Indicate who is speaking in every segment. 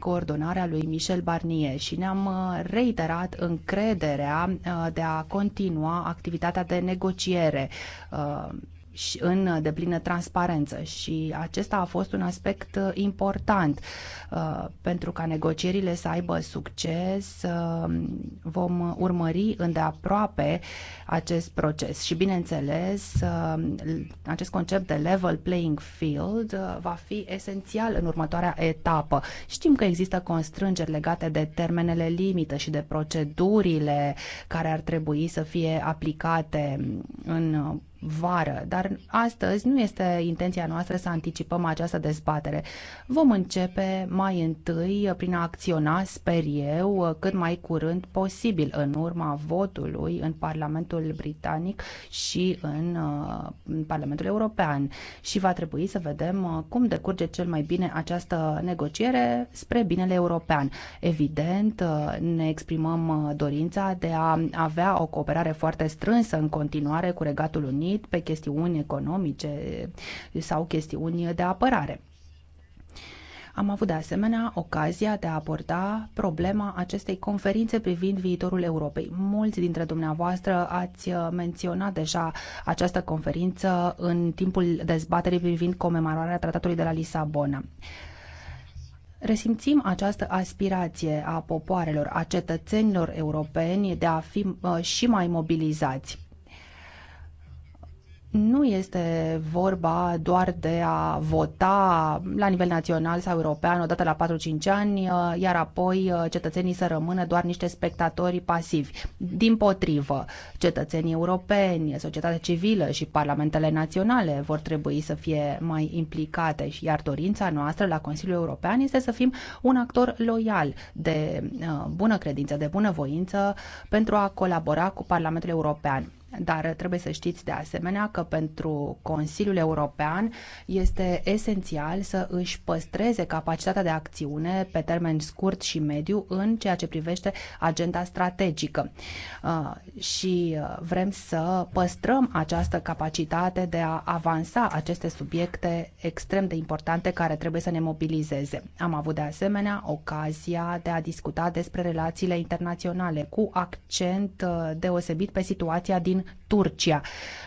Speaker 1: coordonarea lui Michel Barnier și ne-am uh, reiterat încrederea uh, de a continua activitatea de negociere uh, și în deplină transparență și acesta a fost un aspect uh, important uh, pentru ca negocierile să aibă succes. Uh, vom urmări îndeaproape acest proces și, bineînțeles, acest concept de level playing field va fi esențial în următoarea etapă. Știm că există constrângeri legate de termenele limită și de procedurile care ar trebui să fie aplicate în vară, dar astăzi nu este intenția noastră să anticipăm această dezbatere. Vom începe mai întâi prin a acționa, sper eu, cât mai curând posibil în urma votului în Parlamentul Britanic și în, uh, în Parlamentul European și va trebui să vedem uh, cum decurge cel mai bine această negociere spre binele european. Evident, uh, ne exprimăm dorința de a avea o cooperare foarte strânsă în continuare cu Regatul Unit unit pe chestiuni economice sau chestiuni de apărare. Am avut de asemenea ocazia de a aborda problema acestei conferințe privind viitorul Europei. Mulți dintre dumneavoastră ați menționat deja această conferință în timpul dezbaterii privind comemorarea Tratatului de la Lisabona. Resimțim această aspirație a popoarelor, a cetățenilor europeni de a fi uh, și mai mobilizați nu este vorba doar de a vota la nivel național sau european odată la 4-5 ani, uh, iar apoi uh, cetățenii să rămână doar niște spectatori pasivi. Din potrivă, cetățenii europeni, societatea civilă și parlamentele naționale vor trebui să fie mai implicate, iar dorința noastră la Consiliul European este să fim un actor loial, de uh, bună credință, de bună voință pentru a colabora cu Parlamentul European dar trebuie să știți de asemenea că pentru Consiliul European este esențial să își păstreze capacitatea de acțiune pe termen scurt și mediu în ceea ce privește agenda strategică. Uh, și uh, vrem să păstrăm această capacitate de a avansa aceste subiecte extrem de importante care trebuie să ne mobilizeze. Am avut de asemenea ocazia de a discuta despre relațiile internaționale cu accent uh, deosebit pe situația din Turcia.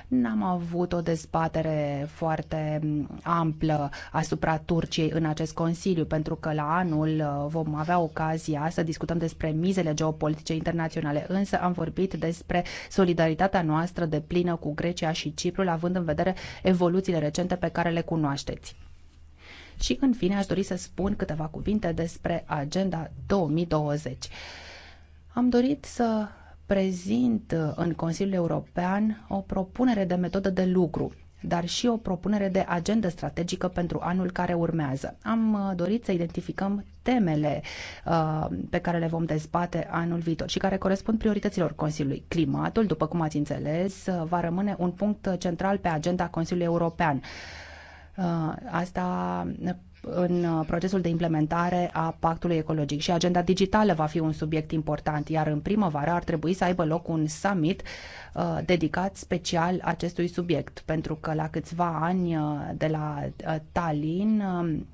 Speaker 1: N-am avut o dezbatere foarte mm, amplă asupra Turciei în acest Consiliu, pentru că la anul uh, vom avea ocazia să discutăm despre mizele geopolitice internaționale, însă am vorbit despre solidaritatea noastră de plină cu Grecia și Ciprul, având în vedere evoluțiile recente pe care le cunoașteți. Și, în fine, aș dori să spun câteva cuvinte despre Agenda 2020. Am dorit să prezint uh, în Consiliul European o propunere de metodă de lucru dar și o propunere de agendă strategică pentru anul care urmează. Am uh, dorit să identificăm temele uh, pe care le vom dezbate anul viitor și care corespund priorităților Consiliului. Climatul, după cum ați înțeles, uh, va rămâne un punct central pe agenda Consiliului European. Uh, asta în uh, procesul de implementare a pactului ecologic și agenda digitală va fi un subiect important, iar în primăvară ar trebui să aibă loc un summit uh, dedicat special acestui subiect, pentru că la câțiva ani uh, de la uh, Tallinn um,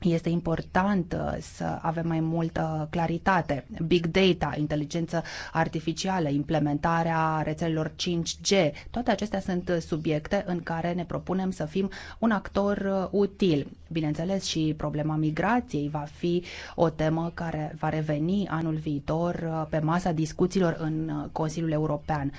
Speaker 1: este important uh, să avem mai multă claritate. Big data, inteligență artificială, implementarea rețelelor 5G, toate acestea sunt subiecte în care ne propunem să fim un actor uh, util. Bineînțeles, și problema migrației va fi o temă care va reveni anul viitor uh, pe masa discuțiilor în Consiliul European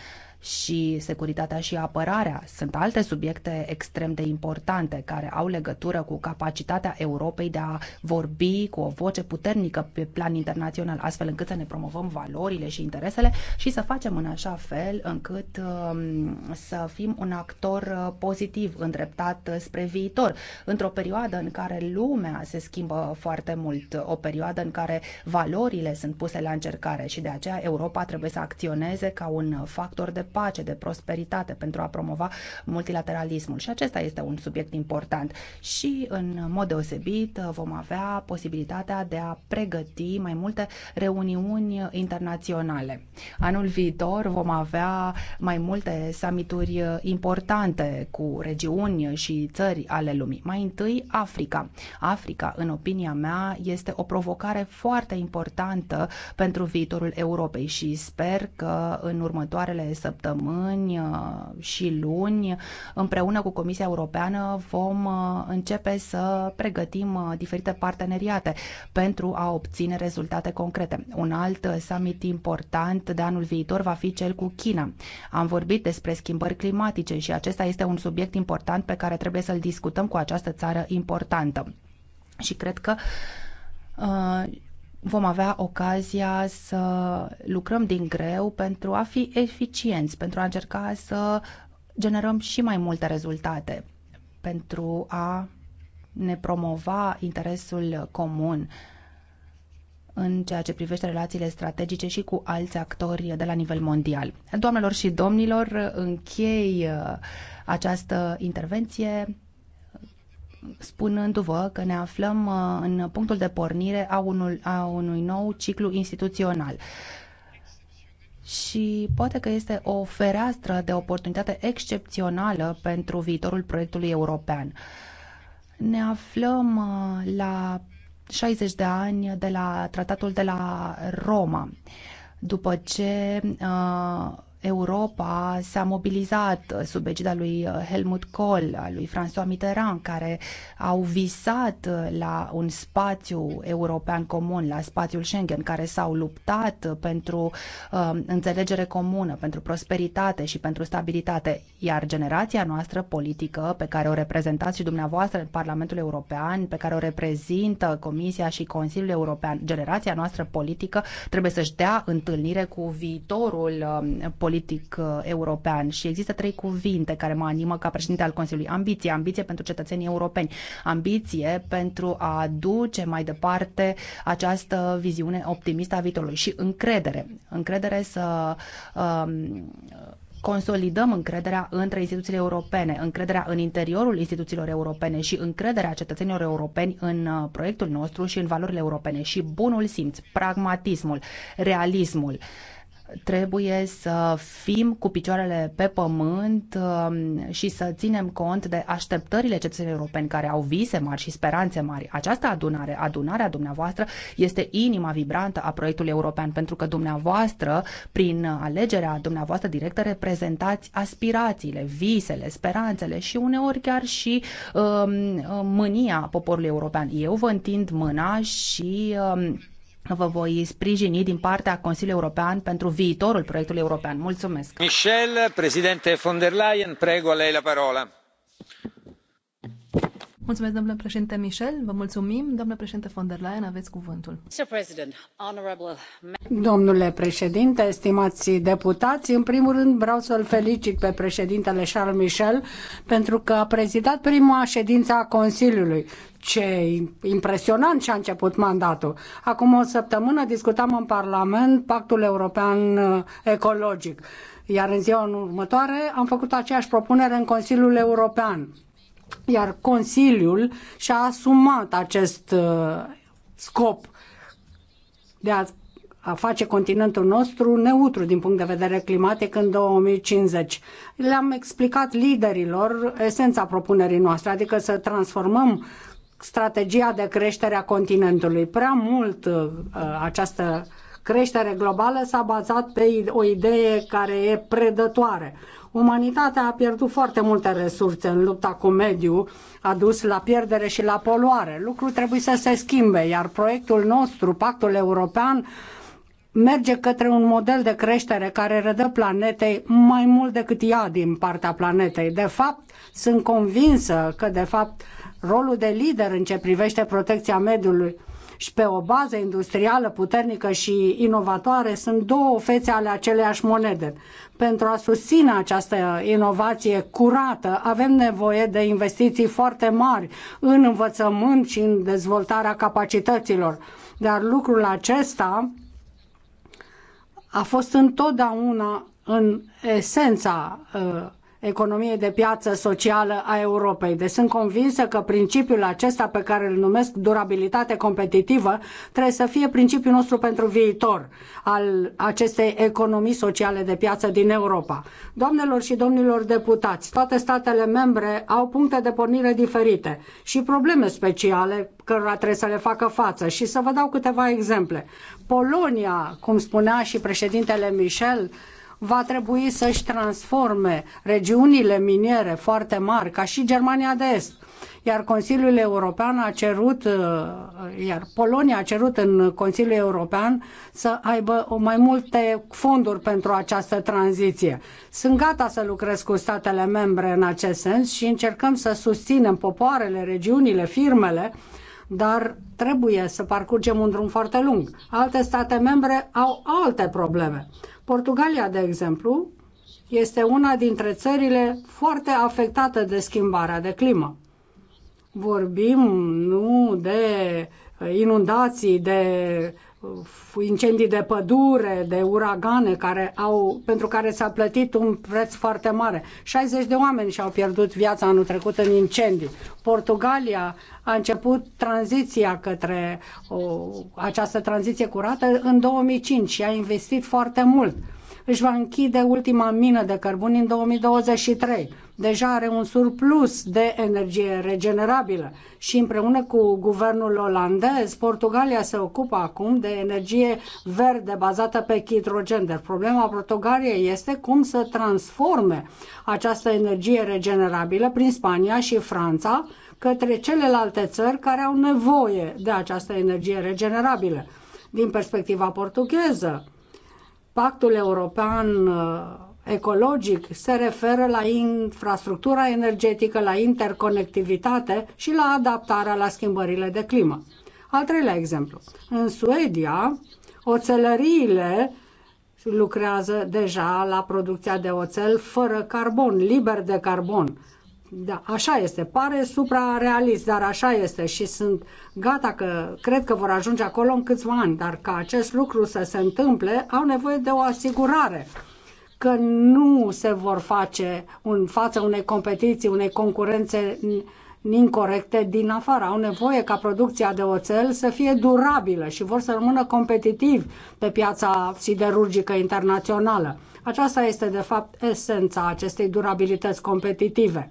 Speaker 1: și securitatea și apărarea sunt alte subiecte extrem de importante care au legătură cu capacitatea Europei de a vorbi cu o voce puternică pe plan internațional, astfel încât să ne promovăm valorile și interesele și să facem în așa fel încât um, să fim un actor uh, pozitiv, îndreptat spre viitor, într-o perioadă în care lumea se schimbă foarte mult, o perioadă în care valorile sunt puse la încercare și de aceea Europa trebuie să acționeze ca un factor de pace, de prosperitate, pentru a promova multilateralismul. Și acesta este un subiect important. Și, în mod deosebit, vom avea posibilitatea de a pregăti mai multe reuniuni internaționale. Anul viitor vom avea mai multe summituri importante cu regiuni și țări ale lumii. Mai întâi, Africa. Africa, în opinia mea, este o provocare foarte importantă pentru viitorul Europei și sper că în următoarele săptămâni săptămâni uh, și luni, împreună cu Comisia Europeană, vom uh, începe să pregătim uh, diferite parteneriate pentru a obține rezultate concrete. Un alt summit important de anul viitor va fi cel cu China. Am vorbit despre schimbări climatice și acesta este un subiect important pe care trebuie să-l discutăm cu această țară importantă. Și cred că uh, vom avea ocazia să lucrăm din greu pentru a fi eficienți, pentru a încerca să generăm și mai multe rezultate, pentru a ne promova interesul comun în ceea ce privește relațiile strategice și cu alți actori de la nivel mondial. Doamnelor și domnilor, închei uh, această intervenție spunându-vă că ne aflăm uh, în punctul de pornire a, unul, a unui nou ciclu instituțional. Și poate că este o fereastră de oportunitate excepțională pentru viitorul proiectului european. Ne aflăm uh, la 60 de ani de la tratatul de la Roma, după ce uh, Europa s-a mobilizat sub egida lui uh, Helmut Kohl, a lui François Mitterrand, care au visat uh, la un spațiu european comun, la spațiul Schengen, care s-au luptat uh, pentru uh, înțelegere comună, pentru prosperitate și pentru stabilitate. Iar generația noastră politică, pe care o reprezentați și dumneavoastră în Parlamentul European, pe care o reprezintă Comisia și Consiliul European, generația noastră politică trebuie să-și dea întâlnire cu viitorul uh, politic uh, european și există trei cuvinte care mă animă ca președinte al Consiliului. Ambiție, ambiție pentru cetățenii europeni, ambiție pentru a duce mai departe această viziune optimistă a viitorului și încredere. Încredere să um, consolidăm încrederea între instituțiile europene, încrederea în interiorul instituțiilor europene și încrederea cetățenilor europeni în uh, proiectul nostru și în valorile europene și bunul simț, pragmatismul, realismul. Uh, trebuie să fim cu picioarele pe pământ um, și să ținem cont de așteptările cetățenilor europeni care au vise mari și speranțe mari. Această adunare, adunarea dumneavoastră, este inima vibrantă a proiectului european, pentru că dumneavoastră, prin alegerea dumneavoastră directă, reprezentați aspirațiile, visele, speranțele și uneori chiar și um, mânia poporului european. Eu vă întind mâna și um, vă voi sprijini din partea Consiliului European pentru viitorul proiectului european. Mulțumesc.
Speaker 2: Michel, președinte von der Leyen, prego lei la parola. Mulțumesc, domnule președinte Michel, vă mulțumim. Domnule președinte von der Leyen, aveți cuvântul. Domnule
Speaker 3: președinte, estimați deputați, în primul rând vreau să-l felicit pe președintele Charles Michel pentru că a prezidat prima ședință a Consiliului. Ce impresionant și a început mandatul. Acum o săptămână discutam în Parlament Pactul European uh, Ecologic iar în ziua în următoare am făcut aceeași propunere în Consiliul European. Iar Consiliul și-a asumat acest uh, scop de a a face continentul nostru neutru din punct de vedere climatic în 2050. Le-am explicat liderilor esența propunerii noastre, adică să transformăm strategia de creștere a continentului. Prea mult uh, uh, această creștere globală s-a bazat pe o idee care e predătoare. Umanitatea a pierdut foarte multe resurse în lupta cu mediul, a dus la pierdere și la poluare. Lucrul trebuie să se schimbe, iar proiectul nostru, Pactul European, merge către un model de creștere care redă planetei mai mult decât ea din partea planetei. De fapt, sunt convinsă că, de fapt, rolul de lider în ce privește protecția mediului și pe o bază industrială puternică și inovatoare sunt două fețe ale aceleiași monede. Pentru a susține această inovație curată, avem nevoie de investiții foarte mari în învățământ și în dezvoltarea capacităților. Dar lucrul acesta a fost întotdeauna în esența uh, economiei de piață socială a Europei. Deci sunt convinsă că principiul acesta pe care îl numesc durabilitate competitivă trebuie să fie principiul nostru pentru viitor al acestei economii sociale de piață din Europa. Doamnelor și domnilor deputați, toate statele membre au puncte de pornire diferite și probleme speciale cărora trebuie să le facă față și să vă dau câteva exemple. Polonia, cum spunea și președintele Michel, va trebui să-și transforme regiunile miniere foarte mari, ca și Germania de Est. Iar Consiliul European a cerut, uh, iar Polonia a cerut în Consiliul European să aibă mai multe fonduri pentru această tranziție. Sunt gata să lucrez cu statele membre în acest sens și încercăm să susținem popoarele, regiunile, firmele dar trebuie să parcurgem un drum foarte lung. Alte state membre au alte probleme. Portugalia, de exemplu, este una dintre țările foarte afectate de schimbarea de climă. Vorbim nu de inundații, de incendii de pădure, de uragane care au, pentru care s-a plătit un preț foarte mare. 60 de oameni și-au pierdut viața anul trecut în incendii. Portugalia a început tranziția către o, această tranziție curată în 2005 și a investit foarte mult își va închide ultima mină de cărbuni în 2023. Deja are un surplus de energie regenerabilă și împreună cu guvernul olandez, Portugalia se ocupă acum de energie verde bazată pe hidrogen. problema Portugaliei este cum să transforme această energie regenerabilă prin Spania și Franța către celelalte țări care au nevoie de această energie regenerabilă. Din perspectiva portugheză, Pactul European uh, ecologic se referă la infrastructura energetică, la interconectivitate și la adaptarea la schimbările de climă. Al treilea exemplu. În Suedia, oțelăriile lucrează deja la producția de oțel fără carbon, liber de carbon. Da, așa este. Pare suprarealist, dar așa este și sunt gata că cred că vor ajunge acolo în câțiva ani, dar ca acest lucru să se întâmple, au nevoie de o asigurare că nu se vor face în fața unei competiții, unei concurențe incorrecte din afară. Au nevoie ca producția de oțel să fie durabilă și vor să rămână competitivi pe piața siderurgică internațională. Aceasta este, de fapt, esența acestei durabilități competitive.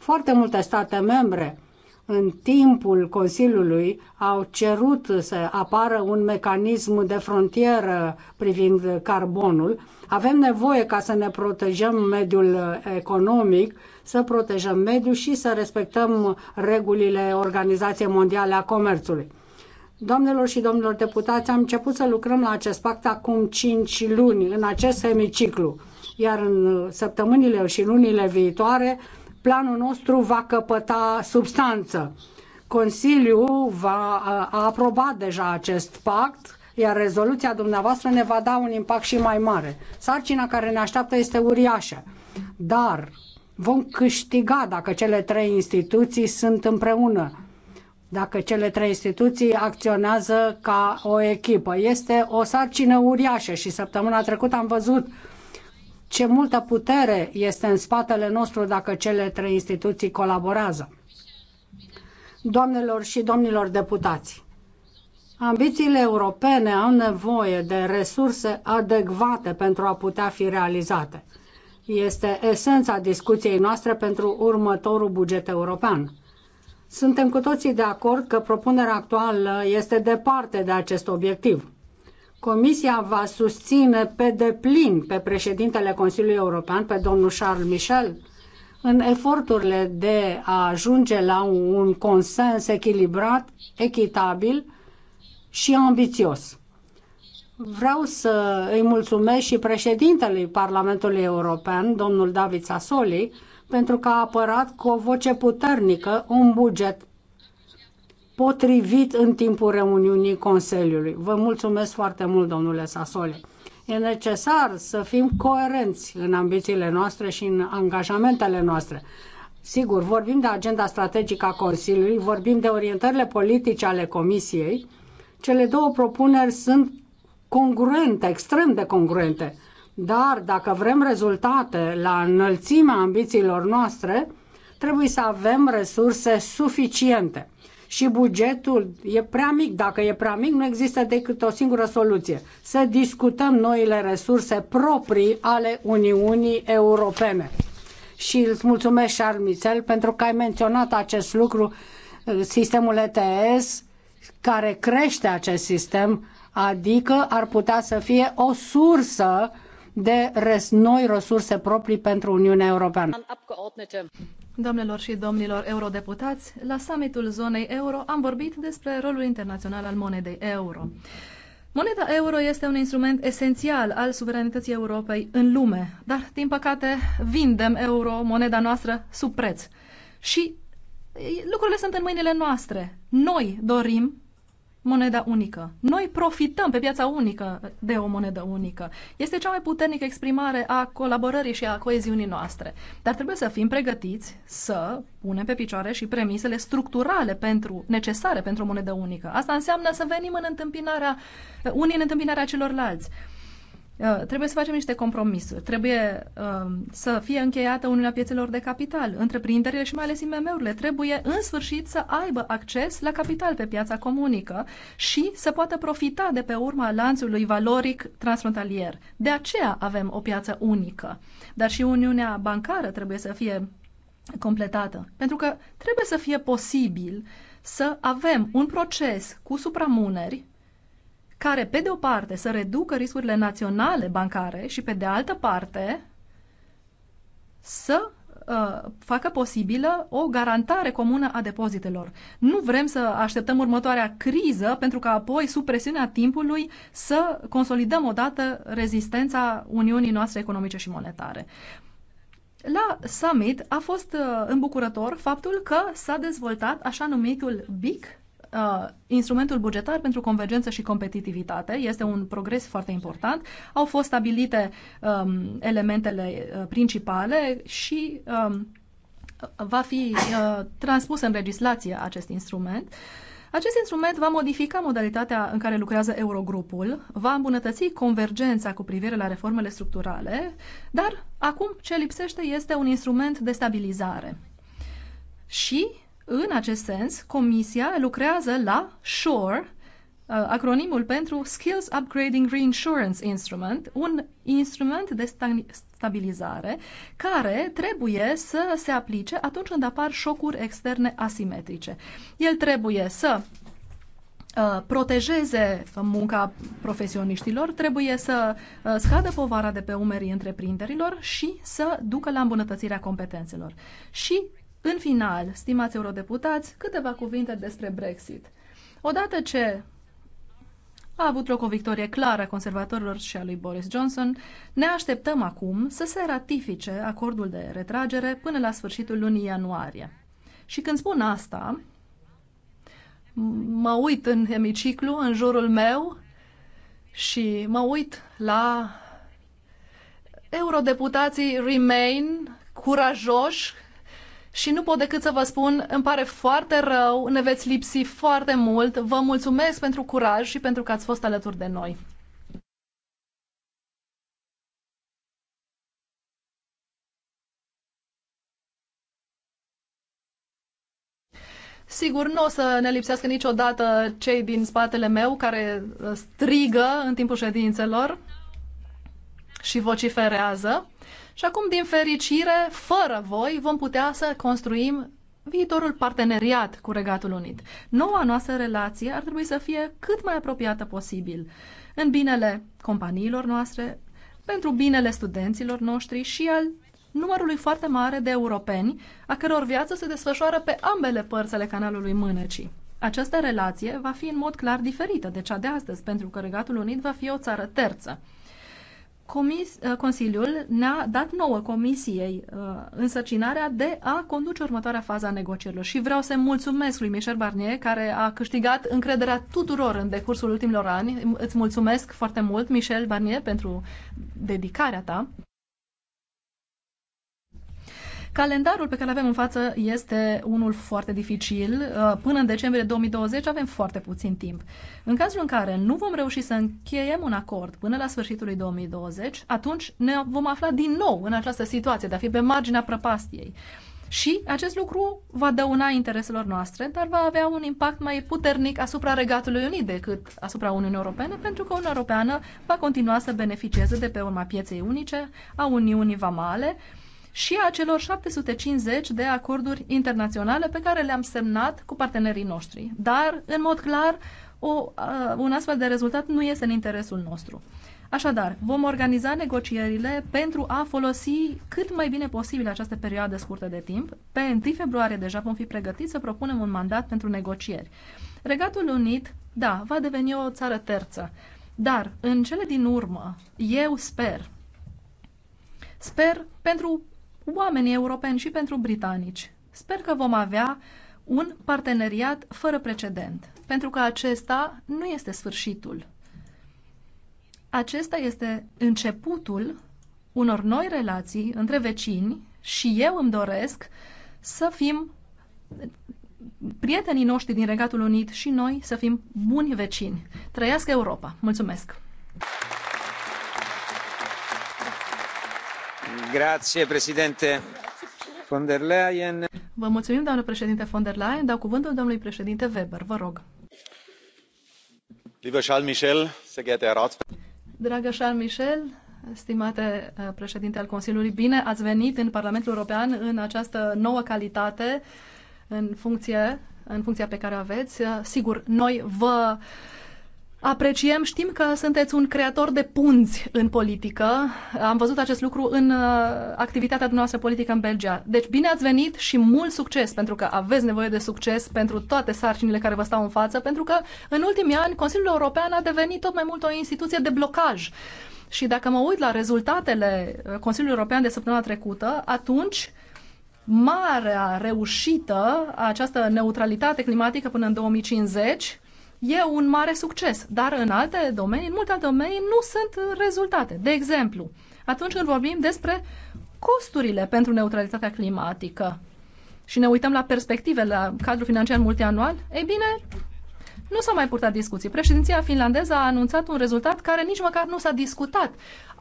Speaker 3: Foarte multe state membre în timpul Consiliului au cerut să apară un mecanism de frontieră privind carbonul. Avem nevoie ca să ne protejăm mediul economic, să protejăm mediul și să respectăm regulile Organizației Mondiale a Comerțului. Doamnelor și domnilor deputați, am început să lucrăm la acest pact acum 5 luni, în acest semiciclu iar în săptămânile și lunile viitoare planul nostru va căpăta substanță. Consiliul va, a aprobat deja acest pact, iar rezoluția dumneavoastră ne va da un impact și mai mare. Sarcina care ne așteaptă este uriașă, dar vom câștiga dacă cele trei instituții sunt împreună, dacă cele trei instituții acționează ca o echipă. Este o sarcină uriașă și săptămâna trecută am văzut ce multă putere este în spatele nostru dacă cele trei instituții colaborează. Doamnelor și domnilor deputați, ambițiile europene au nevoie de resurse adecvate pentru a putea fi realizate. Este esența discuției noastre pentru următorul buget european. Suntem cu toții de acord că propunerea actuală este departe de acest obiectiv Comisia va susține pe deplin pe președintele Consiliului European, pe domnul Charles Michel, în eforturile de a ajunge la un consens echilibrat, echitabil și ambițios. Vreau să îi mulțumesc și președintelui Parlamentului European, domnul David Sassoli, pentru că a apărat cu o voce puternică un buget potrivit în timpul reuniunii Consiliului. Vă mulțumesc foarte mult, domnule Sasole. E necesar să fim coerenți în ambițiile noastre și în angajamentele noastre. Sigur, vorbim de agenda strategică a Consiliului, vorbim de orientările politice ale Comisiei. Cele două propuneri sunt congruente, extrem de congruente. Dar dacă vrem rezultate la înălțimea ambițiilor noastre, trebuie să avem resurse suficiente și bugetul e prea mic. Dacă e prea mic, nu există decât o singură soluție. Să discutăm noile resurse proprii ale Uniunii Europene. Și îți mulțumesc, Charles Michel, pentru că ai menționat acest lucru, uh, sistemul ETS, care crește acest sistem, adică ar putea să fie o sursă de res, noi resurse proprii pentru Uniunea Europeană.
Speaker 2: Domnilor și domnilor eurodeputați, la summitul zonei euro am vorbit despre rolul internațional al monedei euro. Moneda euro este un instrument esențial al suveranității Europei în lume, dar, din păcate, vindem euro, moneda noastră, sub preț. Și lucrurile sunt în mâinile noastre. Noi dorim moneda unică. Noi profităm pe piața unică de o monedă unică. Este cea mai puternică exprimare a colaborării și a coeziunii noastre. Dar trebuie să fim pregătiți să punem pe picioare și premisele structurale pentru, necesare pentru o monedă unică. Asta înseamnă să venim în întâmpinarea, unii în întâmpinarea celorlalți. Uh, trebuie să facem niște compromisuri. Trebuie um, să fie încheiată Uniunea Piețelor de Capital. Întreprinderile și mai ales IMM-urile trebuie în sfârșit să aibă acces la capital pe piața comunică și să poată profita de pe urma lanțului valoric transfrontalier. De aceea avem o piață unică. Dar și Uniunea Bancară trebuie să fie completată. Pentru că trebuie să fie posibil să avem un proces cu supramuneri care, pe de o parte, să reducă riscurile naționale bancare și, pe de altă parte, să uh, facă posibilă o garantare comună a depozitelor. Nu vrem să așteptăm următoarea criză pentru că apoi, sub presiunea timpului, să consolidăm odată rezistența Uniunii noastre economice și monetare. La summit a fost uh, îmbucurător faptul că s-a dezvoltat așa numitul BIC, Uh, instrumentul bugetar pentru convergență și competitivitate. Este un progres foarte important. Au fost stabilite um, elementele uh, principale și um, va fi uh, transpus în legislație acest instrument. Acest instrument va modifica modalitatea în care lucrează Eurogrupul, va îmbunătăți convergența cu privire la reformele structurale, dar acum ce lipsește este un instrument de stabilizare. Și în acest sens, Comisia lucrează la SHORE, uh, acronimul pentru Skills Upgrading Reinsurance Instrument, un instrument de stabilizare care trebuie să se aplice atunci când apar șocuri externe asimetrice. El trebuie să uh, protejeze munca profesioniștilor, trebuie să uh, scadă povara de pe umerii întreprinderilor și să ducă la îmbunătățirea competențelor. Și în final, stimați eurodeputați, câteva cuvinte despre Brexit. Odată ce a avut loc o victorie clară a conservatorilor și a lui Boris Johnson, ne așteptăm acum să se ratifice acordul de retragere până la sfârșitul lunii ianuarie. Și când spun asta, mă uit în hemiciclu, în jurul meu și mă uit la eurodeputații Remain, curajoși, și nu pot decât să vă spun, îmi pare foarte rău, ne veți lipsi foarte mult, vă mulțumesc pentru curaj și pentru că ați fost alături de noi. Sigur, nu o să ne lipsească niciodată cei din spatele meu care uh, strigă în timpul ședințelor și vociferează. Și acum, din fericire, fără voi, vom putea să construim viitorul parteneriat cu Regatul Unit. Noua noastră relație ar trebui să fie cât mai apropiată posibil, în binele companiilor noastre, pentru binele studenților noștri și al numărului foarte mare de europeni, a căror viață se desfășoară pe ambele părți ale canalului Mânecii. Această relație va fi în mod clar diferită de cea de astăzi, pentru că Regatul Unit va fi o țară terță. Comis, uh, Consiliul ne-a dat nouă Comisiei uh, însărcinarea de a conduce următoarea fază a negocierilor. Și vreau să mulțumesc lui Michel Barnier, care a câștigat încrederea tuturor în decursul ultimilor ani. Îți mulțumesc foarte mult, Michel Barnier, pentru dedicarea ta. Calendarul pe care îl avem în față este unul foarte dificil. Uh, până în decembrie 2020 avem foarte puțin timp. În cazul în care nu vom reuși să încheiem un acord până la sfârșitul lui 2020, atunci ne vom afla din nou în această situație de a fi pe marginea prăpastiei. Și acest lucru va dăuna intereselor noastre, dar va avea un impact mai puternic asupra Regatului Unit decât asupra Uniunii Europene, pentru că Uniunea Europeană va continua să beneficieze de pe urma pieței unice, a Uniunii Vamale, uh, și a celor 750 de acorduri internaționale pe care le-am semnat cu partenerii noștri. Dar, în mod clar, o, un astfel de rezultat nu este în interesul nostru. Așadar, vom organiza negocierile pentru a folosi cât mai bine posibil această perioadă scurtă de timp. Pe 1 februarie deja vom fi pregătiți să propunem un mandat pentru negocieri. Regatul Unit, da, va deveni o țară terță, dar în cele din urmă, eu sper, sper pentru oamenii europeni și pentru britanici. Sper că vom avea un parteneriat fără precedent, pentru că acesta nu este sfârșitul. Acesta este începutul unor noi relații între vecini și eu îmi doresc să fim prietenii noștri din Regatul Unit și noi să fim buni vecini. Trăiască Europa! Mulțumesc! președinte von der Leyen. Vă mulțumim, doamnă președinte von der Leyen. Dau cuvântul domnului președinte Weber. Vă rog. Lieber Charles Michel, sehr geehrter Herr Dragă Charles Michel, stimate uh, președinte al Consiliului, bine ați venit în Parlamentul European în această nouă calitate, în funcție, în funcția pe care o aveți. Sigur, noi vă Apreciem, știm că sunteți un creator de punți în politică. Am văzut acest lucru în uh, activitatea dumneavoastră politică în Belgia. Deci bine ați venit și mult succes, pentru că aveți nevoie de succes pentru toate sarcinile care vă stau în față, pentru că în ultimii ani Consiliul European a devenit tot mai mult o instituție de blocaj. Și dacă mă uit la rezultatele uh, Consiliului European de săptămâna trecută, atunci marea reușită, această neutralitate climatică până în 2050, e un mare succes, dar în alte domenii, în multe alte domenii, nu sunt rezultate. De exemplu, atunci când vorbim despre costurile pentru neutralitatea climatică și ne uităm la perspective, la cadrul financiar multianual, ei bine, nu s-au mai purtat discuții. Președinția finlandeză a anunțat un rezultat care nici măcar nu s-a discutat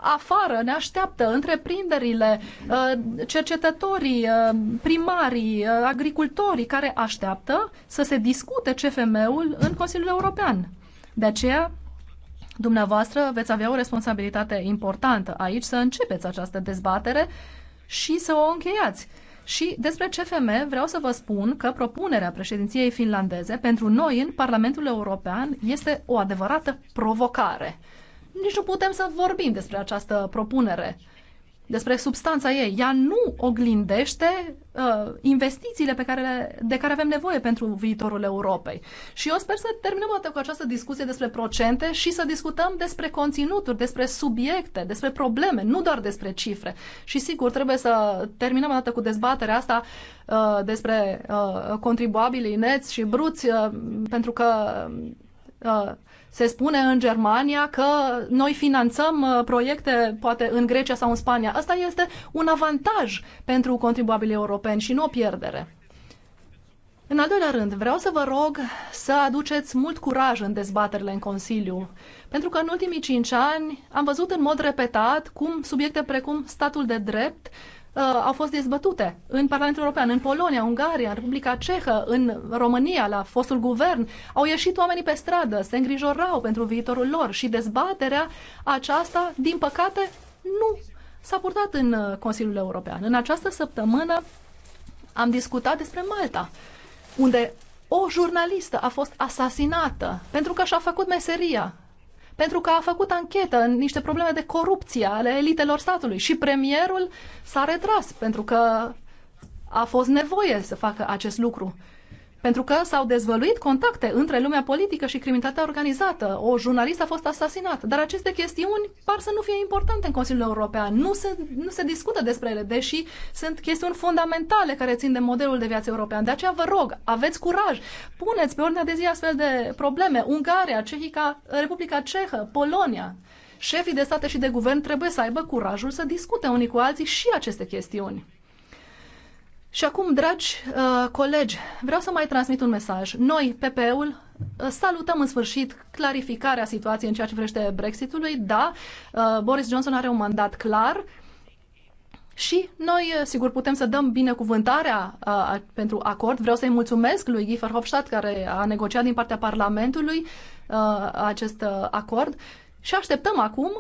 Speaker 2: afară, ne așteaptă întreprinderile, uh, cercetătorii, uh, primarii, uh, agricultorii care așteaptă să se discute CFM-ul în Consiliul European. De aceea, dumneavoastră veți avea o responsabilitate importantă aici să începeți această dezbatere și să o încheiați. Și despre CFM vreau să vă spun că propunerea președinției finlandeze pentru noi în Parlamentul European este o adevărată provocare nici nu putem să vorbim despre această propunere, despre substanța ei. Ea nu oglindește uh, investițiile pe care le, de care avem nevoie pentru viitorul Europei. Și eu sper să terminăm cu această discuție despre procente și să discutăm despre conținuturi, despre subiecte, despre probleme, nu doar despre cifre. Și sigur, trebuie să terminăm odată cu dezbaterea asta uh, despre uh, contribuabilii neți și bruți, uh, pentru că uh, se spune în Germania că noi finanțăm uh, proiecte, poate în Grecia sau în Spania. Asta este un avantaj pentru contribuabilii europeni și nu o pierdere. În al doilea rând, vreau să vă rog să aduceți mult curaj în dezbaterile în Consiliu, pentru că în ultimii cinci ani am văzut în mod repetat cum subiecte precum statul de drept uh, au fost dezbătute în Parlamentul European, în Polonia, Ungaria, în Republica Cehă, în România, la fostul guvern. Au ieșit oamenii pe stradă, se îngrijorau pentru viitorul lor și dezbaterea aceasta, din păcate, nu s-a purtat în uh, Consiliul European. În această săptămână am discutat despre Malta, unde o jurnalistă a fost asasinată pentru că și-a făcut meseria pentru că a făcut anchetă în niște probleme de corupție ale elitelor statului și premierul s-a retras pentru că a fost nevoie să facă acest lucru pentru că s-au dezvăluit contacte între lumea politică și criminalitatea organizată. O jurnalistă a fost asasinată. Dar aceste chestiuni par să nu fie importante în Consiliul European. Nu se, nu se discută despre ele, deși sunt chestiuni fundamentale care țin de modelul de viață european. De aceea vă rog, aveți curaj, puneți pe ordinea de zi astfel de probleme. Ungaria, Cehica, Republica Cehă, Polonia. Șefii de state și de guvern trebuie să aibă curajul să discute unii cu alții și aceste chestiuni. Și acum, dragi uh, colegi, vreau să mai transmit un mesaj. Noi, PPE-ul, uh, salutăm în sfârșit clarificarea situației în ceea ce privește Brexitului. Da, uh, Boris Johnson are un mandat clar și noi, uh, sigur, putem să dăm binecuvântarea uh, pentru acord. Vreau să-i mulțumesc lui Guy Verhofstadt, care a negociat din partea Parlamentului uh, acest uh, acord și așteptăm acum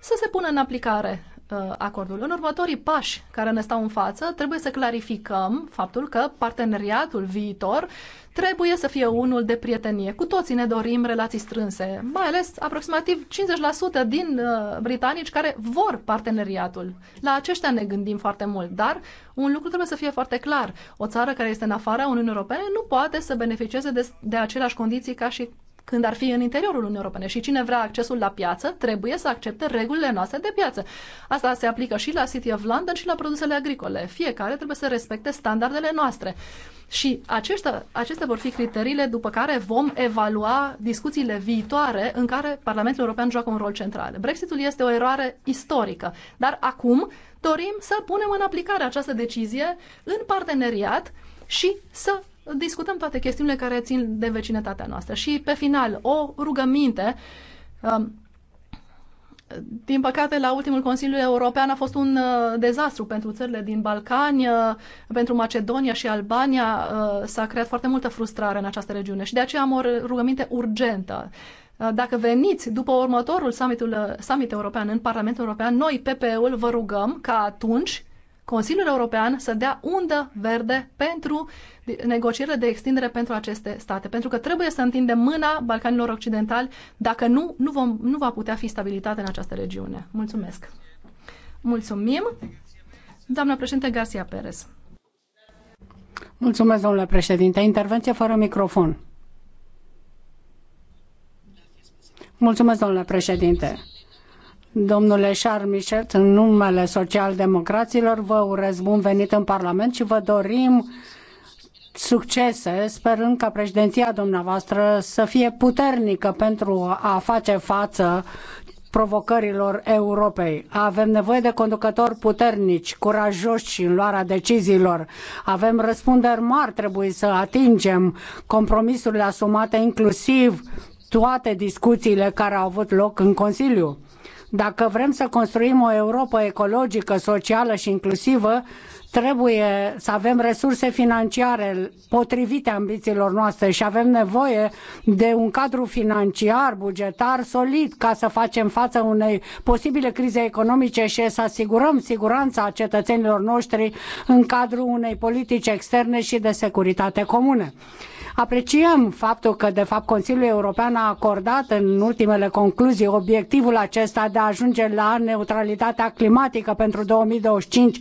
Speaker 2: să se pună în aplicare Uh, acordul. În următorii pași care ne stau în față, trebuie să clarificăm faptul că parteneriatul viitor trebuie să fie unul de prietenie. Cu toții ne dorim relații strânse, mai ales aproximativ 50% din uh, britanici care vor parteneriatul. La aceștia ne gândim foarte mult, dar un lucru trebuie să fie foarte clar. O țară care este în afara Uniunii Europene nu poate să beneficieze de, de aceleași condiții ca și când ar fi în interiorul Uniunii Europene. Și cine vrea accesul la piață trebuie să accepte regulile noastre de piață. Asta se aplică și la City of London și la produsele agricole. Fiecare trebuie să respecte standardele noastre. Și aceștia, acestea vor fi criteriile după care vom evalua discuțiile viitoare în care Parlamentul European joacă un rol central. Brexitul este o eroare istorică, dar acum dorim să punem în aplicare această decizie în parteneriat și să discutăm toate chestiunile care țin de vecinătatea noastră. Și pe final, o rugăminte. Um, din păcate, la ultimul Consiliu European a fost un uh, dezastru pentru țările din Balcani, uh, pentru Macedonia și Albania. Uh, s-a creat foarte multă frustrare în această regiune și de aceea am o rugăminte urgentă. Dacă veniți după următorul summit, summit european în Parlamentul European, noi, PPE-ul, vă rugăm ca atunci Consiliul European să dea undă verde pentru negocierile de extindere pentru aceste state, pentru că trebuie să întindem mâna Balcanilor Occidentali, dacă nu, nu, vom, nu va putea fi stabilitate în această regiune. Mulțumesc! Mulțumim! Doamna președinte Garcia Perez.
Speaker 3: Mulțumesc, domnule președinte. Intervenție fără microfon. Mulțumesc, domnule președinte. Domnule Charles Michel, în numele socialdemocraților, vă urez bun venit în Parlament și vă dorim succese, sperând ca președinția dumneavoastră să fie puternică pentru a face față provocărilor Europei. Avem nevoie de conducători puternici, curajoși în luarea deciziilor. Avem răspunderi mari, trebuie să atingem compromisurile asumate, inclusiv toate discuțiile care au avut loc în Consiliu dacă vrem să construim o Europa ecologică, socială și inclusivă, trebuie să avem resurse financiare potrivite ambițiilor noastre și avem nevoie de un cadru financiar, bugetar solid ca să facem față unei posibile crize economice și să asigurăm siguranța cetățenilor noștri în cadrul unei politici externe și de securitate comune. Apreciem faptul că, de fapt, Consiliul European a acordat în ultimele concluzii obiectivul acesta de a ajunge la neutralitatea climatică pentru 2025,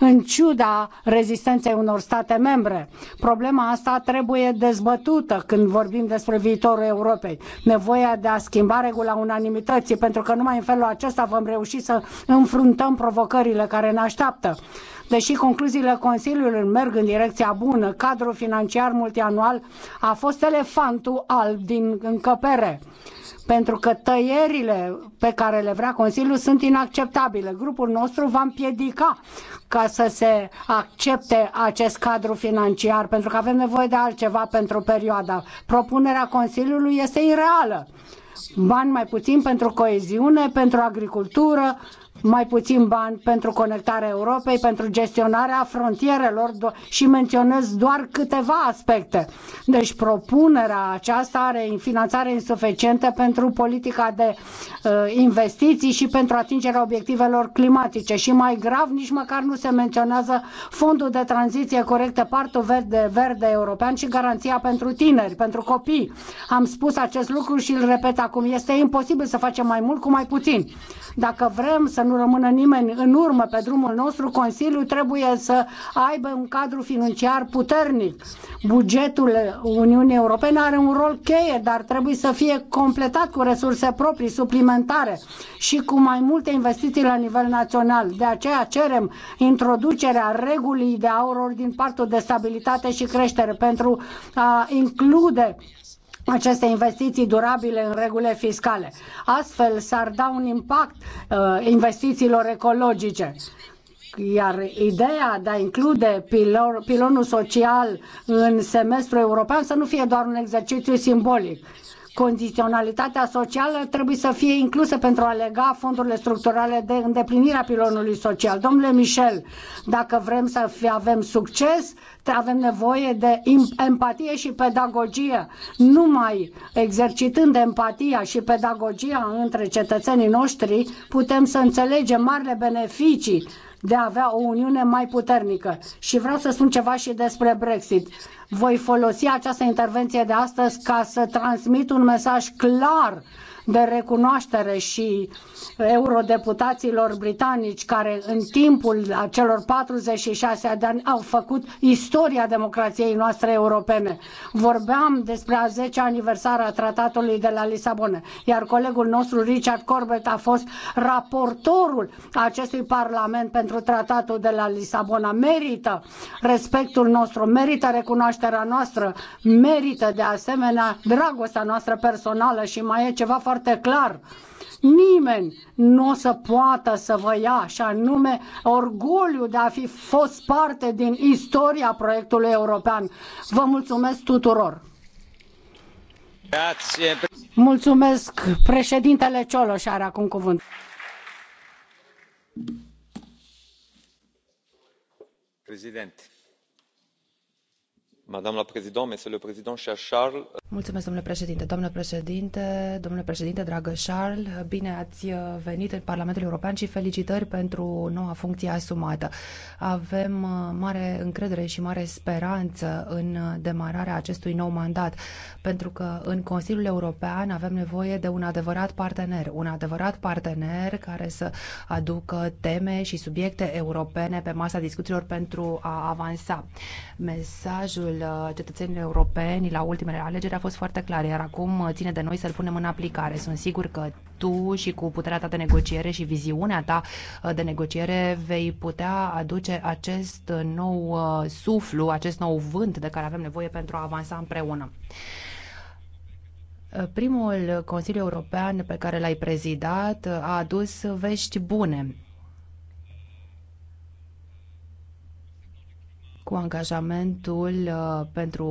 Speaker 3: în ciuda rezistenței unor state membre. Problema asta trebuie dezbătută când vorbim despre viitorul Europei. Nevoia de a schimba regula unanimității, pentru că numai în felul acesta vom reuși să înfruntăm provocările care ne așteaptă. Deși concluziile Consiliului merg în direcția bună, cadrul financiar multianual a fost elefantul alb din încăpere pentru că tăierile pe care le vrea Consiliul sunt inacceptabile. Grupul nostru va împiedica ca să se accepte acest cadru financiar, pentru că avem nevoie de altceva pentru perioada. Propunerea Consiliului este ireală. Bani mai puțin pentru coeziune, pentru agricultură, mai puțin bani pentru conectarea Europei, pentru gestionarea frontierelor și menționez doar câteva aspecte. Deci propunerea aceasta are finanțare insuficientă pentru politica de uh, investiții și pentru atingerea obiectivelor climatice și mai grav nici măcar nu se menționează fondul de tranziție corectă, partul verde, verde european și garanția pentru tineri, pentru copii. Am spus acest lucru și îl repet acum. Este imposibil să facem mai mult cu mai puțin. Dacă vrem să nu rămână nimeni în urmă pe drumul nostru, Consiliul trebuie să aibă un cadru financiar puternic. Bugetul Uniunii Europene are un rol cheie, dar trebuie să fie completat cu resurse proprii, suplimentare și cu mai multe investiții la nivel național. De aceea cerem introducerea regulii de aur din pactul de stabilitate și creștere pentru a include aceste investiții durabile în regulile fiscale. Astfel s-ar da un impact uh, investițiilor ecologice iar ideea de a include pilor, pilonul social în semestrul european să nu fie doar un exercițiu simbolic, Condiționalitatea socială trebuie să fie inclusă pentru a lega fondurile structurale de îndeplinirea pilonului social. Domnule Michel, dacă vrem să avem succes, avem nevoie de empatie și pedagogie. Numai exercitând empatia și pedagogia între cetățenii noștri, putem să înțelegem marile beneficii de a avea o Uniune mai puternică. Și vreau să spun ceva și despre Brexit. Voi folosi această intervenție de astăzi ca să transmit un mesaj clar uh, de recunoaștere și eurodeputaților britanici care în timpul acelor 46 de ani au făcut istoria democrației noastre europene. Vorbeam despre a 10 aniversară a tratatului de la Lisabona, iar colegul nostru Richard Corbett a fost raportorul acestui parlament pentru tratatul de la Lisabona. Merită respectul nostru, merită recunoașterea noastră, merită de asemenea dragostea noastră personală și mai e ceva foarte foarte clar. Nimeni nu o să poată să vă ia, și anume orgoliu de a fi fost parte din istoria proiectului european. Vă mulțumesc tuturor! Grazie. Mulțumesc, președintele Cioloș are acum cuvânt. Presidente domnule
Speaker 1: președinte doamnă președinte domnule președinte dragă charles bine ați uh, venit în parlamentul european și felicitări pentru noua funcție asumată. avem uh, mare încredere și mare speranță în uh, demararea acestui nou mandat pentru că în consiliul european avem nevoie de un adevărat partener un adevărat partener care să aducă teme și subiecte europene pe masa discuțiilor pentru a avansa. mesajul al uh, cetățenilor europeni la ultimele alegeri a fost foarte clar, iar acum uh, ține de noi să-l punem în aplicare. Sunt sigur că tu și cu puterea ta de negociere și viziunea ta uh, de negociere vei putea aduce acest nou suflu, acest nou vânt de care avem nevoie pentru a avansa împreună. Primul Consiliu European pe care l-ai prezidat a adus vești bune cu angajamentul uh, pentru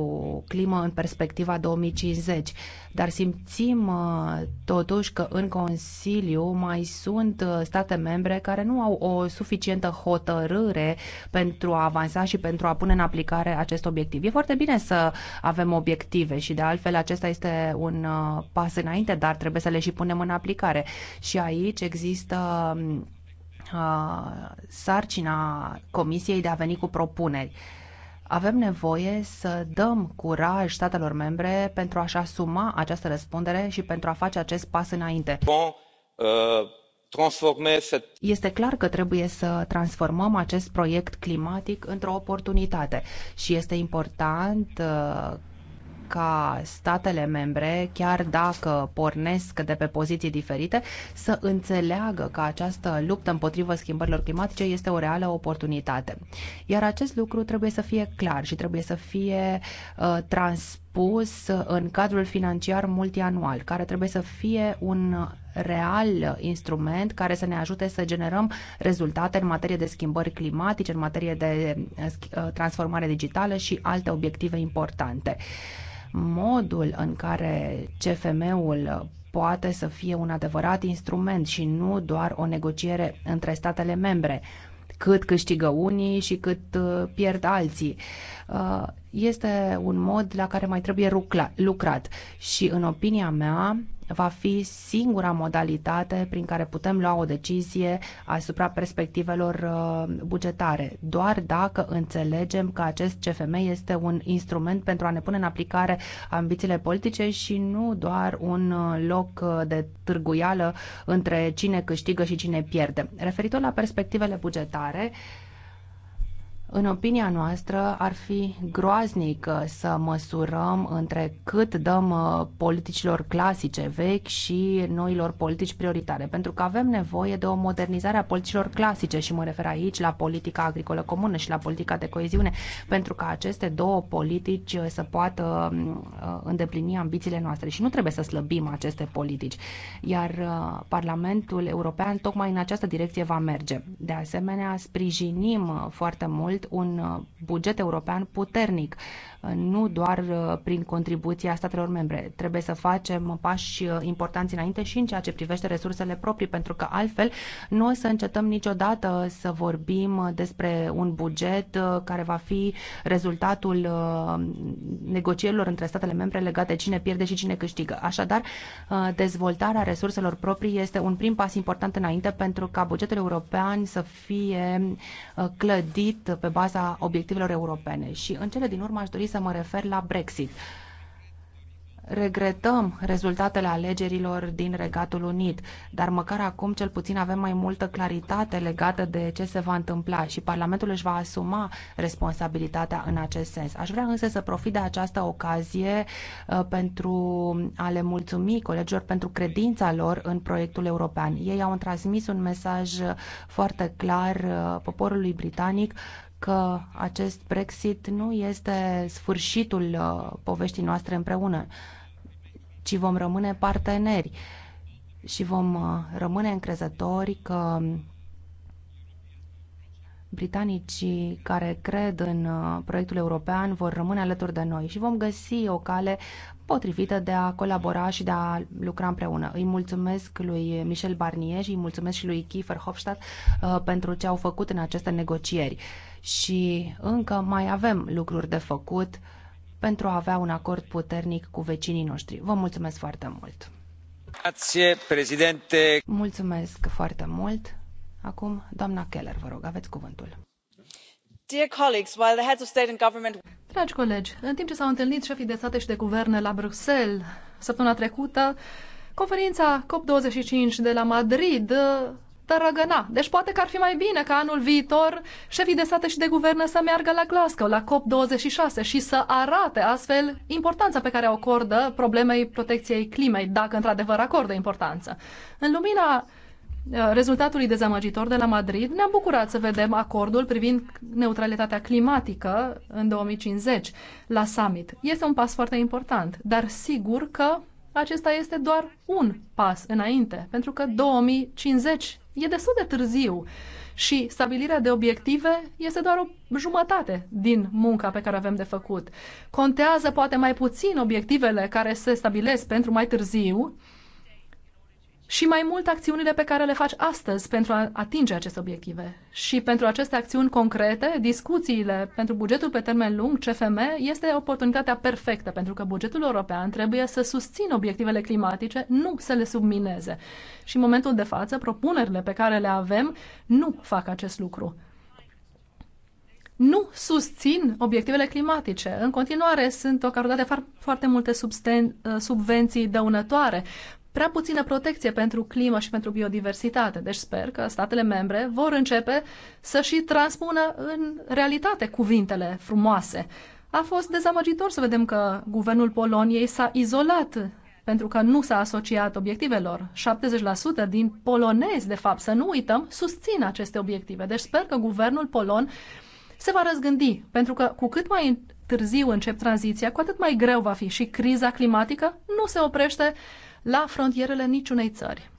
Speaker 1: climă în perspectiva 2050, dar simțim uh, totuși că în Consiliu mai sunt uh, state membre care nu au o suficientă hotărâre pentru a avansa și pentru a pune în aplicare acest obiectiv. E foarte bine să avem obiective și de altfel acesta este un pas înainte, dar trebuie să le și punem în aplicare. Și aici există um, Uh, sarcina Comisiei de a veni cu propuneri. Avem nevoie să dăm curaj statelor membre pentru a-și asuma această răspundere și pentru a face acest pas înainte.
Speaker 2: Bon, uh...
Speaker 1: Este clar că trebuie să transformăm acest proiect climatic într-o oportunitate și este important uh, ca statele membre, chiar dacă pornesc de pe poziții diferite, să înțeleagă că această luptă împotriva schimbărilor climatice este o reală oportunitate. Iar acest lucru trebuie să fie clar și trebuie să fie uh, transpus în cadrul financiar multianual, care trebuie să fie un real instrument care să ne ajute să generăm rezultate în materie de schimbări climatice, în materie de uh, transformare digitală și alte obiective importante modul în care CFM-ul poate să fie un adevărat instrument și nu doar o negociere între statele membre, cât câștigă unii și cât uh, pierd alții. Uh, este un mod la care mai trebuie lucrat și, în opinia mea, va fi singura modalitate prin care putem lua o decizie asupra perspectivelor uh, bugetare, doar dacă înțelegem că acest CFM este un instrument pentru a ne pune în aplicare ambițiile politice și nu doar un uh, loc uh, de târguială între cine câștigă și cine pierde. Referitor la perspectivele bugetare, în opinia noastră, ar fi groaznic uh, să măsurăm între cât dăm uh, politicilor clasice vechi și noilor politici prioritare, pentru că avem nevoie de o modernizare a politicilor clasice și mă refer aici la politica agricolă comună și la politica de coeziune, pentru ca aceste două politici uh, să poată um, îndeplini ambițiile noastre și nu trebuie să slăbim aceste politici. Iar Parlamentul European tocmai în această direcție va merge. De asemenea, sprijinim foarte mult mult un uh, buget european puternic nu doar uh, prin contribuția statelor membre. Trebuie să facem pași uh, importanți înainte și în ceea ce privește resursele proprii, pentru că altfel nu o să încetăm niciodată să vorbim despre un buget uh, care va fi rezultatul negocierilor între statele membre legate cine pierde și cine câștigă. Așadar, dezvoltarea resurselor proprii este un prim pas important înainte pentru ca bugetul european să fie clădit pe baza obiectivelor europene. Și în cele din urmă aș dori dori să mă refer la Brexit. Regretăm rezultatele alegerilor din Regatul Unit, dar măcar acum cel puțin avem mai multă claritate legată de ce se va întâmpla și Parlamentul își va asuma responsabilitatea în acest sens. Aș vrea însă să profit de această ocazie uh, pentru a le mulțumi colegilor pentru credința lor în proiectul european. Ei au transmis un mesaj foarte clar uh, poporului britanic că acest Brexit nu este sfârșitul uh, poveștii noastre împreună, ci vom rămâne parteneri și vom uh, rămâne încrezători că britanicii care cred în uh, proiectul european vor rămâne alături de noi și vom găsi o cale potrivită de a colabora și de a lucra împreună. Îi mulțumesc lui Michel Barnier și îi mulțumesc și lui Kiefer Hofstadt pentru ce au făcut în aceste negocieri și încă mai avem lucruri de făcut pentru a avea un acord puternic cu vecinii noștri. Vă mulțumesc foarte mult!
Speaker 2: Grazie, președinte!
Speaker 1: Mulțumesc foarte mult! Acum, doamna Keller, vă rog, aveți cuvântul.
Speaker 2: Dear colleagues, while the heads of state and government... Dragi colegi, în timp ce s-au întâlnit șefii de state și de guverne la Bruxelles săptămâna trecută, conferința COP25 de la Madrid tărăgăna. Deci poate că ar fi mai bine ca anul viitor șefii de state și de guvernă să meargă la Glasgow, la COP26 și să arate astfel importanța pe care o acordă problemei protecției climei, dacă într-adevăr acordă importanță. În lumina uh, rezultatului dezamăgitor de la Madrid, ne-am bucurat să vedem acordul privind neutralitatea climatică în 2050 la summit. Este un pas foarte important, dar sigur că acesta este doar un pas înainte, pentru că 2050 E destul de târziu și stabilirea de obiective este doar o jumătate din munca pe care avem de făcut. Contează poate mai puțin obiectivele care se stabilesc pentru mai târziu, și mai mult acțiunile pe care le faci astăzi pentru a atinge aceste obiective. Și pentru aceste acțiuni concrete, discuțiile pentru bugetul pe termen lung, CFM, este oportunitatea perfectă, pentru că bugetul european trebuie să susțină obiectivele climatice, nu să le submineze. Și în momentul de față, propunerile pe care le avem nu fac acest lucru nu susțin obiectivele climatice. În continuare sunt acordate foarte multe subvenții dăunătoare prea puțină protecție pentru climă și pentru biodiversitate. Deci sper că statele membre vor începe să și transpună în realitate cuvintele frumoase. A fost dezamăgitor să vedem că guvernul Poloniei s-a izolat pentru că nu s-a asociat obiectivelor. 70% din polonezi, de fapt, să nu uităm, susțin aceste obiective. Deci sper că guvernul polon se va răzgândi, pentru că cu cât mai târziu încep tranziția, cu atât mai greu va fi și criza climatică nu se oprește la frontierele niciunei țări.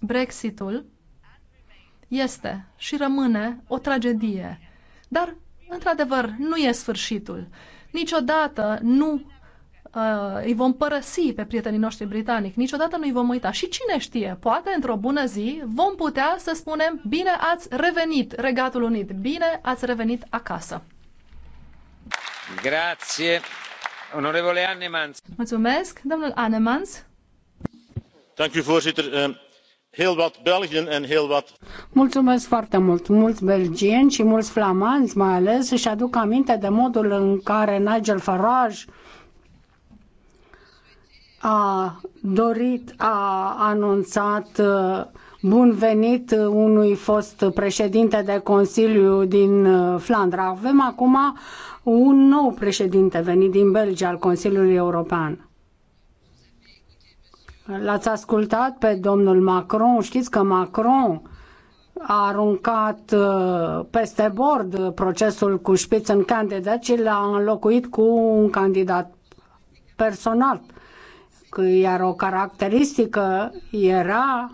Speaker 2: Brexitul este și rămâne o tragedie, dar, într-adevăr, nu e sfârșitul. Niciodată nu uh, îi vom părăsi pe prietenii noștri britanici, niciodată nu îi vom uita. Și cine știe, poate într-o bună zi vom putea să spunem bine ați revenit, Regatul Unit, bine ați revenit acasă.
Speaker 3: Grazie. Onorevole
Speaker 2: Annemans. Mulțumesc, domnul Annemans voorzitter ehm, heel wat belgen en heel wat. mulțumesc foarte mult mulți belgieni și mulți
Speaker 3: flamanzi mai ales își aduc aminte de modul în care Nigel Farage a dorit, a anunțat uh, bun venit unui fost președinte de Consiliu din uh, Flandra. Avem acum un nou președinte venit din Belgia al Consiliului European. L-ați ascultat pe domnul Macron. Știți că Macron a aruncat uh, peste bord procesul cu în candidat și l-a înlocuit cu un candidat personal. Iar o caracteristică era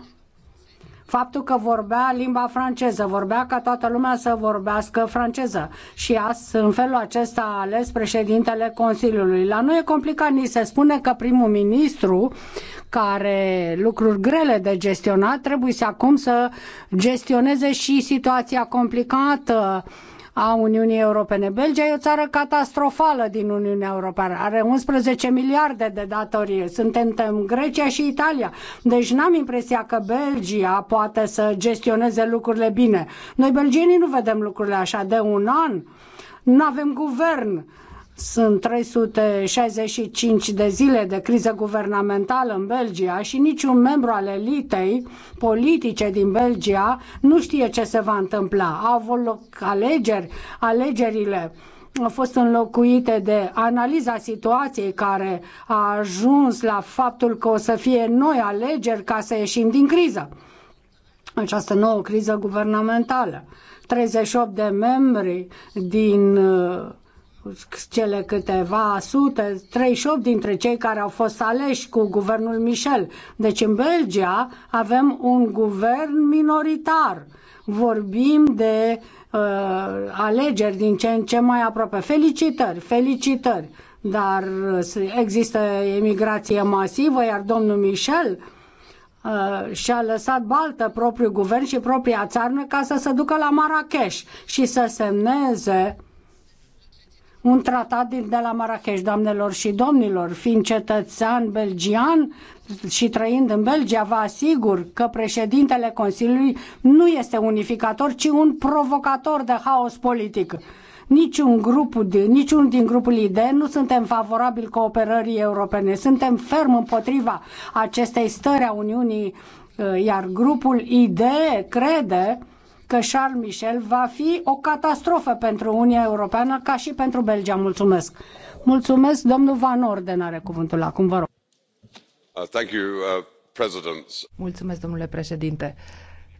Speaker 3: Faptul că vorbea limba franceză, vorbea ca toată lumea să vorbească franceză și azi, în felul acesta a ales președintele Consiliului. La noi e complicat, ni se spune că primul ministru care lucruri grele de gestionat, trebuie să acum să gestioneze și situația complicată a Uniunii Europene. Belgia e o țară catastrofală din Uniunea Europeană. Are 11 miliarde de datorii. Suntem în Grecia și Italia. Deci n-am impresia că Belgia poate să gestioneze lucrurile bine. Noi belgienii nu vedem lucrurile așa. De un an nu avem guvern sunt 365 de zile de criză guvernamentală în Belgia și niciun membru al elitei politice din Belgia nu știe ce se va întâmpla. Au avut loc alegeri, alegerile au fost înlocuite de analiza situației care a ajuns la faptul că o să fie noi alegeri ca să ieșim din criză. Această nouă criză guvernamentală. 38 de membri din uh, cele câteva sute, 38 dintre cei care au fost aleși cu guvernul Michel. Deci în Belgia avem un guvern minoritar. Vorbim de uh, alegeri din ce în ce mai aproape. Felicitări, felicitări. Dar uh, există emigrație masivă, iar domnul Michel uh, și-a lăsat baltă propriul guvern și propria țară ca să se ducă la Marrakesh și să semneze un tratat din, de la Marrakech, doamnelor și domnilor, fiind cetățean belgian și trăind în Belgia, vă asigur că președintele Consiliului nu este unificator, ci un provocator de haos politic niciun, grup de, niciun din grupul ID nu suntem favorabil cooperării europene. Suntem ferm împotriva acestei stări a Uniunii, iar grupul ID crede că Charles Michel va fi o catastrofă pentru Uniunea Europeană ca și pentru Belgia. Mulțumesc! Mulțumesc, domnul Van Orden are cuvântul acum, vă rog. Uh, thank you, uh, Mulțumesc, domnule
Speaker 1: președinte.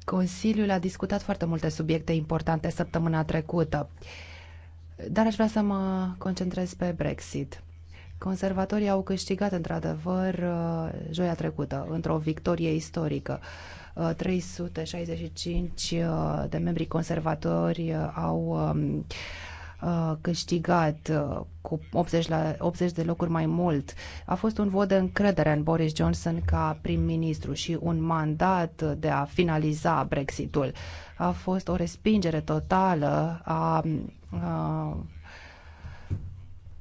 Speaker 1: Consiliul a discutat foarte multe subiecte importante săptămâna trecută, dar aș vrea să mă concentrez pe Brexit. Conservatorii au câștigat într-adevăr uh, joia trecută, într-o victorie istorică. 365 uh, uh, de membri conservatori uh, au um, câștigat cu 80, la, 80 de locuri mai mult. A fost un vot de încredere în Boris Johnson ca prim-ministru și un mandat de a finaliza Brexitul. A fost o respingere totală a, a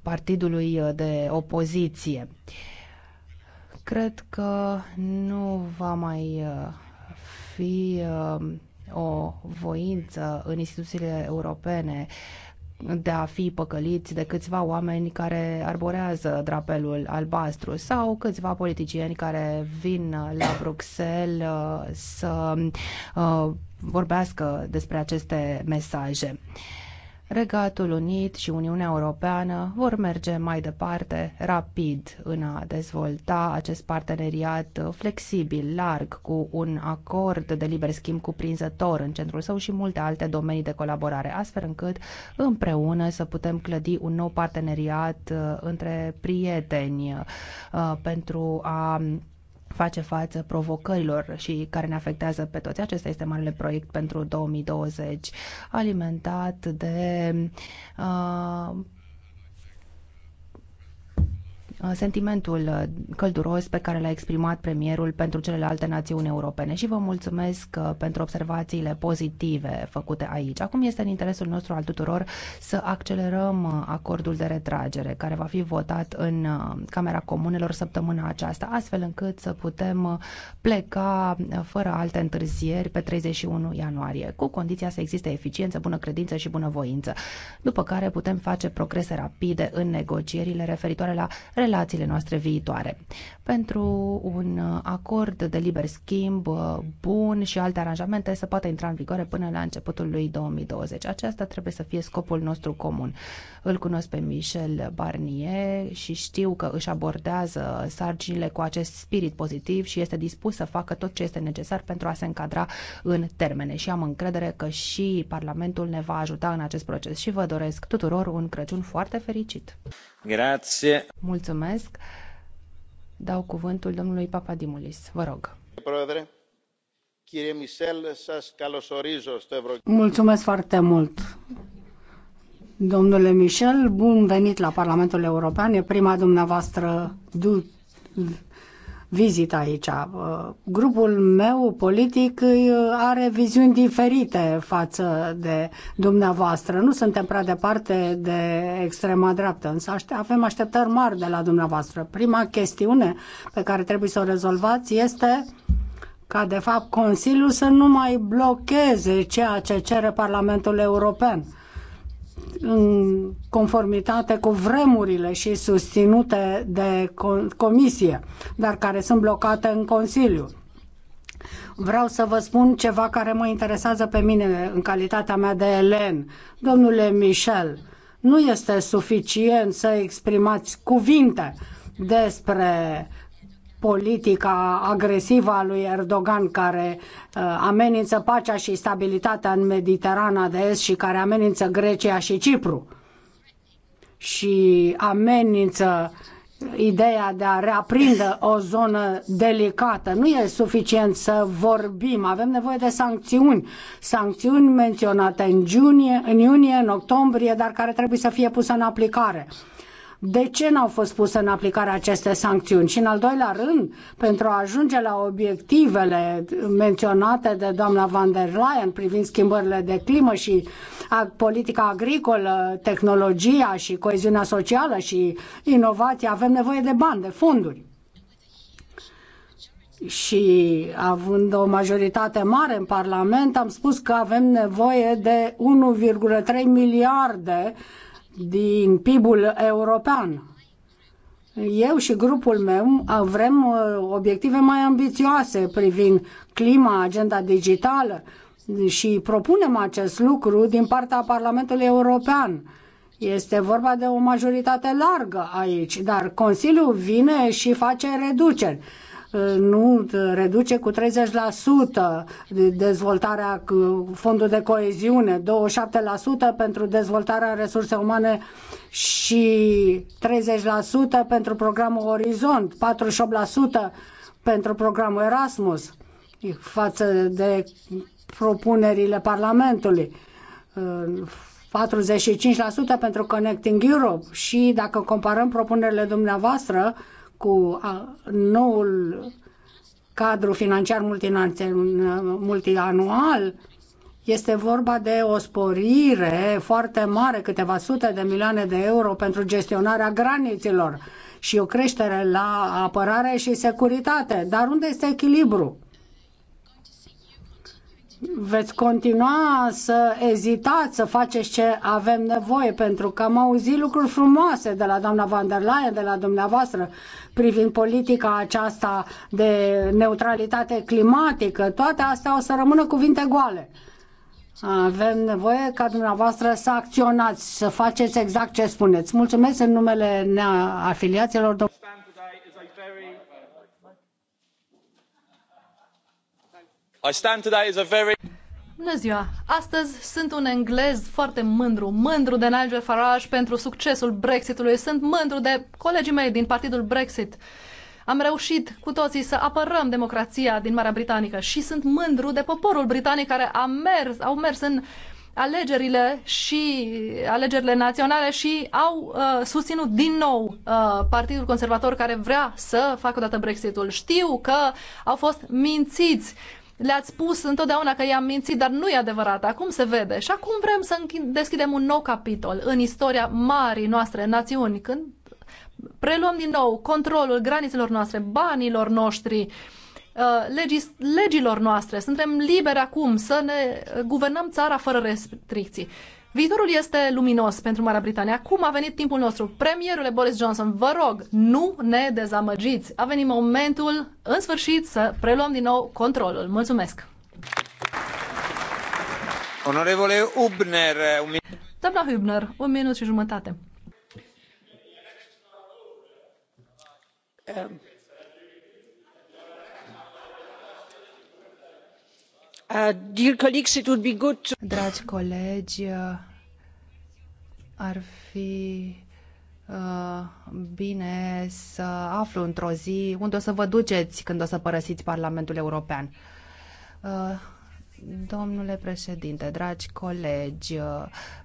Speaker 1: partidului de opoziție. Cred că nu va mai fi um, o voință în instituțiile europene de a fi păcăliți de câțiva oameni care arborează drapelul albastru sau câțiva politicieni care vin la Bruxelles uh, să uh, vorbească despre aceste mesaje. Regatul Unit și Uniunea Europeană vor merge mai departe rapid în a dezvolta acest parteneriat flexibil, larg, cu un acord de liber schimb cuprinzător în centrul său și multe alte domenii de colaborare, astfel încât împreună să putem clădi un nou parteneriat uh, între prieteni uh, pentru a face față provocărilor și care ne afectează pe toți. Acesta este marele proiect pentru 2020, alimentat de uh, Uh, sentimentul uh, călduros pe care l-a exprimat premierul pentru celelalte națiuni europene și vă mulțumesc uh, pentru observațiile pozitive făcute aici. Acum este în interesul nostru al tuturor să accelerăm acordul de retragere care va fi votat în Camera Comunelor săptămâna aceasta, astfel încât să putem pleca fără alte întârzieri pe 31 ianuarie, cu condiția să existe eficiență, bună credință și bună voință, după care putem face progrese rapide în negocierile referitoare la relațiile noastre viitoare. Pentru un acord de liber schimb uh, bun și alte aranjamente să poată intra în vigoare până la începutul lui 2020. Aceasta trebuie să fie scopul nostru comun. Îl cunosc pe Michel Barnier și știu că își abordează sarcinile cu acest spirit pozitiv și este dispus să facă tot ce este necesar pentru a se încadra în termene și am încredere că și Parlamentul ne va ajuta în acest proces și vă doresc tuturor un Crăciun foarte fericit.
Speaker 2: Grazie.
Speaker 1: Mulțumesc Mulțumesc. Dau cuvântul domnului Papadimulis. Vă rog.
Speaker 2: Mulțumesc
Speaker 3: foarte mult. Domnule Michel, bun venit la Parlamentul European. E prima dumneavoastră vizit aici. Uh, grupul meu politic uh, are viziuni diferite față de dumneavoastră. Nu suntem prea departe de extrema dreaptă, însă avem așteptări mari de la dumneavoastră. Prima chestiune pe care trebuie să o rezolvați este ca de fapt Consiliul să nu mai blocheze ceea ce cere Parlamentul European în conformitate cu vremurile și susținute de comisie, dar care sunt blocate în Consiliu. Vreau să vă spun ceva care mă interesează pe mine în calitatea mea de elen. Domnule Michel, nu este suficient să exprimați cuvinte despre politica agresivă a lui Erdogan care uh, amenință pacea și stabilitatea în Mediterana de Est și care amenință Grecia și Cipru și amenință ideea de a reaprinde o zonă delicată. Nu e suficient să vorbim, avem nevoie de sancțiuni. Sancțiuni menționate în, iunie, în iunie, în octombrie, dar care trebuie să fie pusă în aplicare de ce n-au fost puse în aplicare aceste sancțiuni și, în al doilea rând, pentru a ajunge la obiectivele menționate de doamna van der Leyen privind schimbările de climă și politica agricolă, tehnologia și coeziunea socială și inovația, avem nevoie de bani, de fonduri și având o majoritate mare în Parlament, am spus că avem nevoie de 1,3 miliarde din PIB-ul european. Eu și grupul meu vrem uh, obiective mai ambițioase privind clima, agenda digitală și propunem acest lucru din partea Parlamentului European. Este vorba de o majoritate largă aici, dar Consiliul vine și face reduceri nu reduce cu 30% dezvoltarea fondul de coeziune, 27% pentru dezvoltarea resurse umane și 30% pentru programul Orizont, 48% pentru programul Erasmus față de propunerile Parlamentului. 45% pentru Connecting Europe și dacă comparăm propunerile dumneavoastră cu noul cadru financiar multianual, este vorba de o sporire foarte mare, câteva sute de milioane de euro pentru gestionarea granițelor și o creștere la apărare și securitate. Dar unde este echilibru? Veți continua să ezitați să faceți ce avem nevoie, pentru că am auzit lucruri frumoase de la doamna van der Leyen, de la dumneavoastră, privind politica aceasta de neutralitate climatică, toate astea o să rămână cuvinte goale. Avem nevoie ca dumneavoastră să acționați, să faceți exact ce spuneți. Mulțumesc în numele afiliaților.
Speaker 2: I stand today as a very Bună ziua! Astăzi sunt un englez foarte mândru, mândru de Nigel Farage pentru succesul Brexitului. Sunt mândru de colegii mei din partidul Brexit. Am reușit cu toții să apărăm democrația din Marea Britanică și sunt mândru de poporul britanic care a mers, au mers în alegerile și alegerile naționale și au uh, susținut din nou uh, Partidul Conservator care vrea să facă odată Brexitul. Știu că au fost mințiți le-ați spus întotdeauna că i-am mințit, dar nu e adevărat. Acum se vede. Și acum vrem să deschidem un nou capitol în istoria marii noastre națiuni, când preluăm din nou controlul granițelor noastre, banilor noștri, uh, legis, legilor noastre. Suntem liberi acum să ne guvernăm țara fără restricții. Viitorul este luminos pentru Marea Britanie. Acum a venit timpul nostru. Premierule Boris Johnson, vă rog, nu ne dezamăgiți. A venit momentul, în sfârșit, să preluăm din nou controlul. Mulțumesc!
Speaker 1: Onorevole Hübner, un minut.
Speaker 2: Doamna Hübner, un minut și jumătate.
Speaker 3: Um.
Speaker 1: Dragi colegi, ar fi uh, bine să aflu într-o zi unde o să vă duceți când o să părăsiți Parlamentul European. Uh, Domnule președinte, dragi colegi,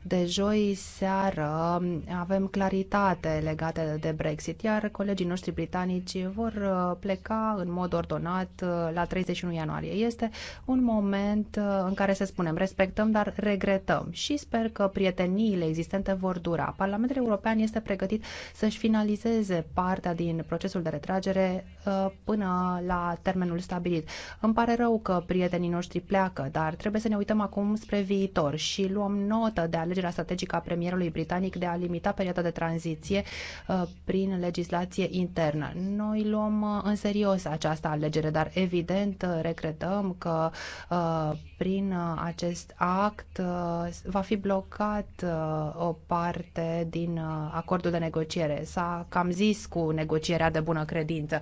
Speaker 1: de joi seară avem claritate legată de Brexit, iar colegii noștri britanici vor uh, pleca în mod ordonat uh, la 31 ianuarie. Este un moment uh, în care să spunem respectăm, dar regretăm și sper că prieteniile existente vor dura. Parlamentul European este pregătit să-și finalizeze partea din procesul de retragere până la termenul stabilit. Îmi pare rău că prietenii noștri pleacă strategică, dar trebuie să ne uităm acum spre viitor și luăm notă de alegerea strategică a premierului britanic de a limita perioada de tranziție uh, prin legislație internă. Noi luăm uh, în serios această alegere, dar evident uh, regretăm că prin acest act va fi blocat o parte din acordul de negociere. S-a cam zis cu negocierea de bună credință.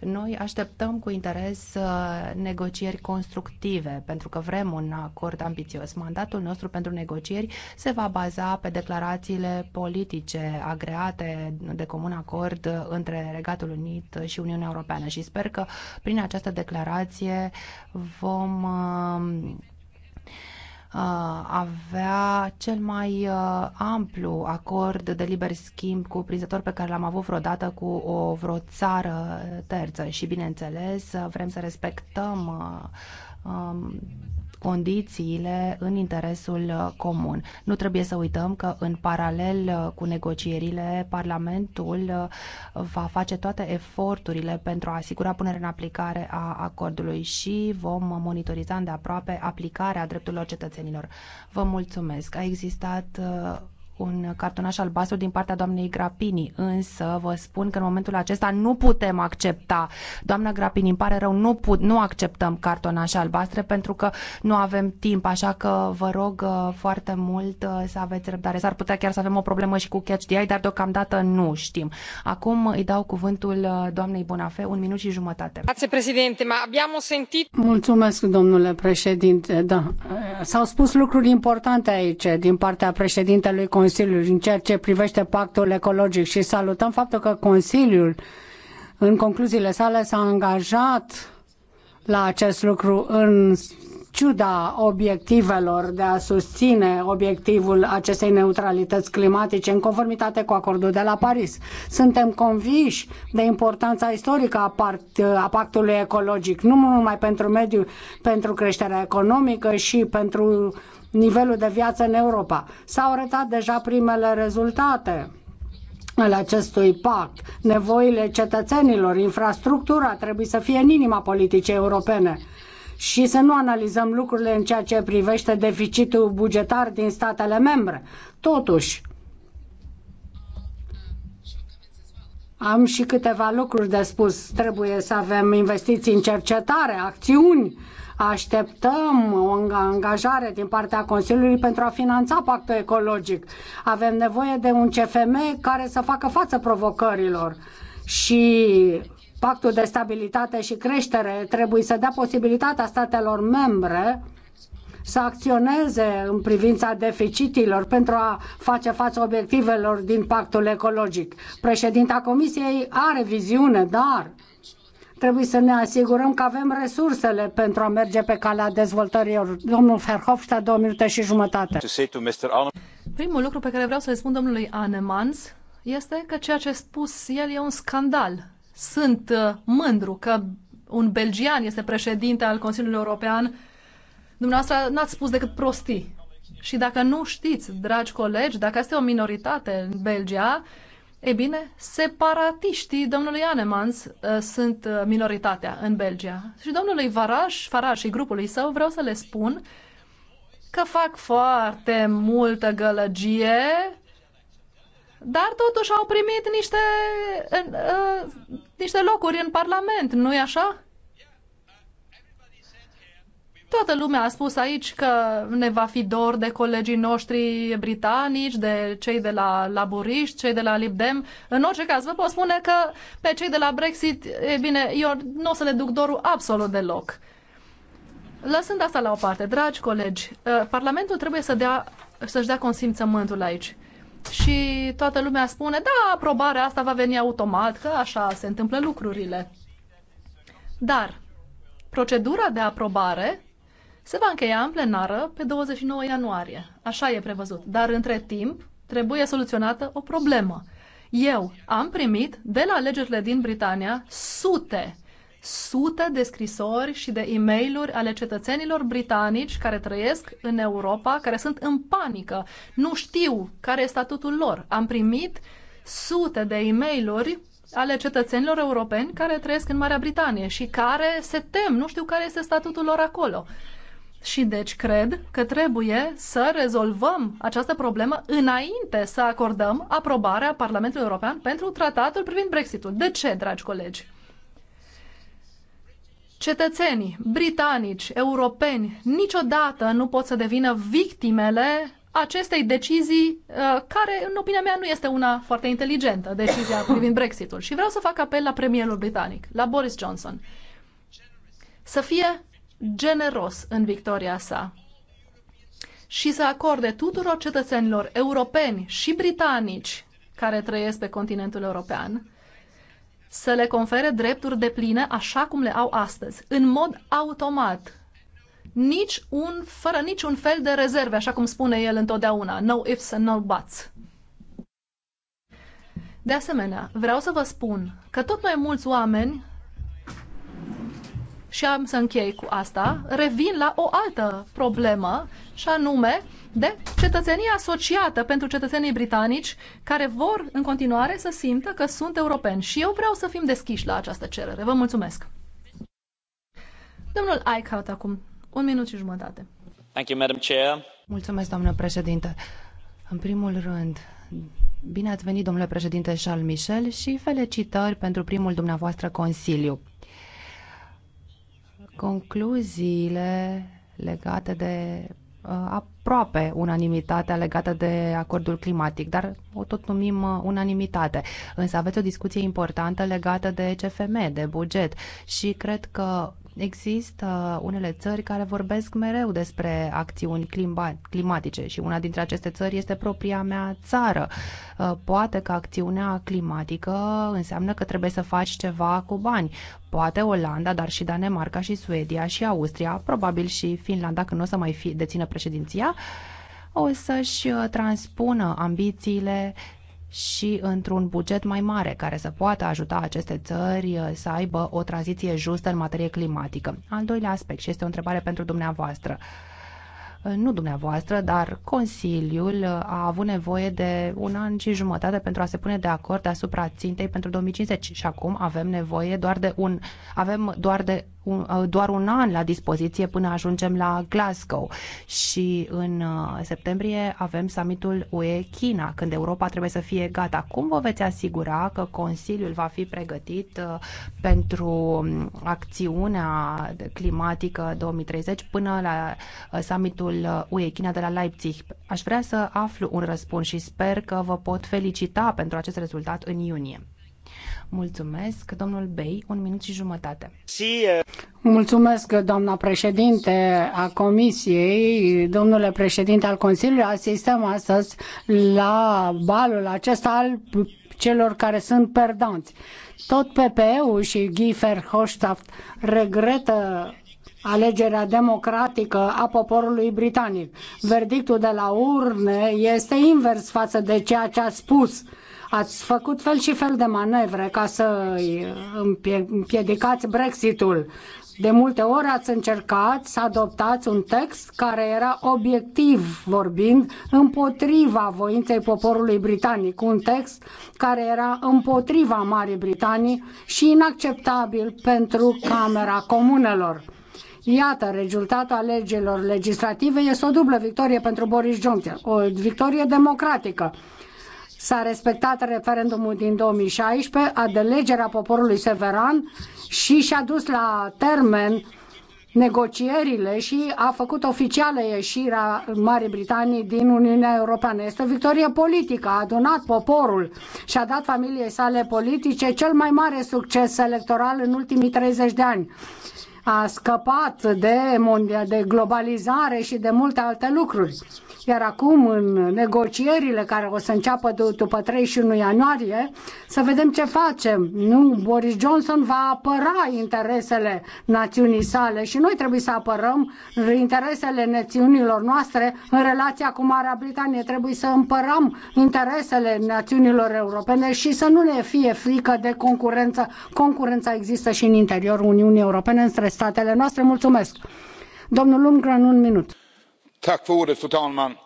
Speaker 1: Noi așteptăm cu interes negocieri constructive, pentru că dacă vrem un acord ambițios. Mandatul nostru pentru negocieri se va baza pe declarațiile politice agreate de comun acord între Regatul Unit și Uniunea Europeană și sper că prin această declarație vom uh, avea cel mai uh, amplu acord de liber schimb cu cuprinzător pe care l-am avut vreodată cu o vreo țară terță și bineînțeles vrem să respectăm uh, Um, condițiile în interesul uh, comun. Nu trebuie să uităm că în paralel uh, cu negocierile, Parlamentul uh, va face toate eforturile pentru a asigura punerea în aplicare a acordului și vom monitoriza îndeaproape aplicarea drepturilor cetățenilor. Vă mulțumesc. A existat un cartonaș albastru din partea doamnei Grapini, însă vă spun că în momentul acesta nu putem accepta. Doamna Grapini, îmi pare rău, nu, put, nu acceptăm cartonașe albastre pentru că nu avem timp, așa că vă rog uh, foarte mult uh, să aveți răbdare. S-ar putea chiar să avem o problemă și cu Catch DI, dar deocamdată nu știm. Acum îi dau cuvântul
Speaker 3: uh, doamnei Bonafe, un minut și jumătate. Mulțumesc, domnule președinte. Da. S-au spus lucruri importante aici din partea președintelui Consiliului Consiliului în ceea ce privește pactul ecologic și salutăm faptul că Consiliul în concluziile sale s-a angajat la acest lucru în ciuda obiectivelor de a susține obiectivul acestei neutralități climatice în conformitate cu acordul de la Paris. Suntem conviși de importanța istorică a, part, a pactului ecologic, nu numai pentru mediu, pentru creșterea economică și pentru nivelul de viață în Europa. S-au arătat deja primele rezultate ale acestui pact. Nevoile cetățenilor, infrastructura trebuie să fie în inima politicii europene și să nu analizăm lucrurile în ceea ce privește deficitul bugetar din statele membre. Totuși, am și câteva lucruri de spus. Trebuie să avem investiții în cercetare, acțiuni Așteptăm o angajare din partea Consiliului pentru a finanța pactul ecologic. Avem nevoie de un CFM care să facă față provocărilor și pactul de stabilitate și creștere trebuie să dea posibilitatea statelor membre să acționeze în privința deficitilor pentru a face față obiectivelor din pactul ecologic. Președinta Comisiei are viziune, dar Trebuie să ne asigurăm că avem resursele pentru a merge pe
Speaker 2: calea dezvoltării. Domnul
Speaker 3: Verhofstadt, două minute și jumătate.
Speaker 2: Primul lucru pe care vreau să-l spun domnului Anemans este că ceea ce spus el e un scandal. Sunt uh, mândru că un belgian este președinte al Consiliului European. Dumneavoastră n-ați spus decât prostii. Și dacă nu știți, dragi colegi, dacă este o minoritate în Belgia, ei bine, separatiștii domnului Anemans uh, sunt uh, minoritatea în Belgia. Și domnului Varaj, Faraj și grupului său vreau să le spun că fac foarte multă gălăgie, dar totuși au primit niște, uh, niște locuri în Parlament, nu-i așa? Toată lumea a spus aici că ne va fi dor de colegii noștri britanici, de cei de la laburiști, cei de la Libdem. În orice caz, vă pot spune că pe cei de la Brexit, e bine, eu nu o să le duc dorul absolut deloc. Lăsând asta la o parte, dragi colegi, ă, Parlamentul trebuie să dea, să-și dea consimțământul aici. Și toată lumea spune, da, aprobarea asta va veni automat, că așa se întâmplă lucrurile. Dar procedura de aprobare se va încheia în plenară pe 29 ianuarie. Așa e prevăzut. Dar între timp trebuie soluționată o problemă. Eu am primit de la alegerile din Britania sute, sute de scrisori și de e mail ale cetățenilor britanici care trăiesc în Europa, care sunt în panică, nu știu care e statutul lor. Am primit sute de e mail ale cetățenilor europeni care trăiesc în Marea Britanie și care se tem, nu știu care este statutul lor acolo. Și deci cred că trebuie să rezolvăm această problemă înainte să acordăm aprobarea Parlamentului European pentru tratatul privind Brexitul. De ce, dragi colegi? Cetățenii britanici, europeni, niciodată nu pot să devină victimele acestei decizii, uh, care, în opinia mea, nu este una foarte inteligentă, decizia privind Brexitul. Și vreau să fac apel la premierul britanic, la Boris Johnson, să fie generos în victoria sa și să acorde tuturor cetățenilor europeni și britanici care trăiesc pe continentul european să le confere drepturi de pline așa cum le au astăzi, în mod automat, nici un, fără niciun fel de rezerve, așa cum spune el întotdeauna, no ifs and no buts. De asemenea, vreau să vă spun că tot mai mulți oameni și am să închei cu asta, revin la o altă problemă, și anume de cetățenie asociată pentru cetățenii britanici care vor în continuare să simtă că sunt europeni. Și eu vreau să fim deschiși la această cerere. Vă mulțumesc! Domnul Eichhout acum, un minut și jumătate. Thank you, Madam Chair. Mulțumesc, doamnă președinte. În
Speaker 1: primul rând, bine ați venit, domnule președinte Charles Michel, și felicitări pentru primul dumneavoastră consiliu Concluziile legate de uh, aproape unanimitatea legată de acordul climatic, dar o tot numim uh, unanimitate. Însă aveți o discuție importantă legată de CFM, de buget și cred că Există unele țări care vorbesc mereu despre acțiuni climatice și una dintre aceste țări este propria mea țară. Uh, poate că acțiunea climatică înseamnă că trebuie să faci ceva cu bani. Poate Olanda, dar și Danemarca și Suedia și Austria, probabil și Finlanda când nu o să mai fi, dețină președinția, o să-și uh, transpună ambițiile și într-un buget mai mare care să poată ajuta aceste țări uh, să aibă o tranziție justă în materie climatică. Al doilea aspect și este o întrebare pentru dumneavoastră uh, nu dumneavoastră, dar Consiliul uh, a avut nevoie de un an și jumătate pentru a se pune de acord asupra țintei pentru 2050 și acum avem nevoie doar de un avem doar de doar un an la dispoziție până ajungem la Glasgow și în uh, septembrie avem summitul UE-China, când Europa trebuie să fie gata. Cum vă veți asigura că Consiliul va fi pregătit uh, pentru um, acțiunea climatică 2030 până la uh, summitul UE-China de la Leipzig? Aș vrea să aflu un răspuns și sper că vă pot felicita pentru acest rezultat în iunie. Mulțumesc,
Speaker 3: domnul Bey,
Speaker 1: un minut și jumătate.
Speaker 3: Uh, Mulțumesc, doamna președinte a Comisiei, domnule președinte al Consiliului. Asistăm astăzi la balul acesta al celor care sunt perdanți. Tot PPE-ul și Guy Verhofstadt regretă alegerea democratică a poporului britanic. Verdictul de la urne este invers față de ceea ce a spus uh, Ați făcut fel și fel de manevre ca să împiedicați Brexitul. De multe ori ați încercat să adoptați un text care era obiectiv vorbind împotriva voinței poporului britanic, un text care era împotriva Marii Britanii și inacceptabil pentru Camera Comunelor. Iată, rezultatul alegerilor legislative este o dublă victorie pentru Boris Johnson, o victorie democratică S-a respectat referendumul din 2016, adelegerea poporului severan și și-a dus la termen negocierile și a făcut oficială ieșirea Marii Britanii din Uniunea Europeană. Este o victorie politică, a adunat poporul și a dat familiei sale politice cel mai mare succes electoral în ultimii 30 de ani a scăpat de, mondia, de globalizare și de multe alte lucruri. Iar acum, în negocierile care o să înceapă după 31 ianuarie, să vedem ce facem. Nu, Boris Johnson va apăra interesele națiunii sale și noi trebuie să apărăm interesele națiunilor noastre în relația cu Marea Britanie. Trebuie să împărăm interesele națiunilor europene și să nu ne fie frică de concurență. Concurența există și în interiorul Uniunii Europene stres statele noastre. Mulțumesc! Domnul Lundgren, un minut.
Speaker 2: Tack för ordet, fru talman.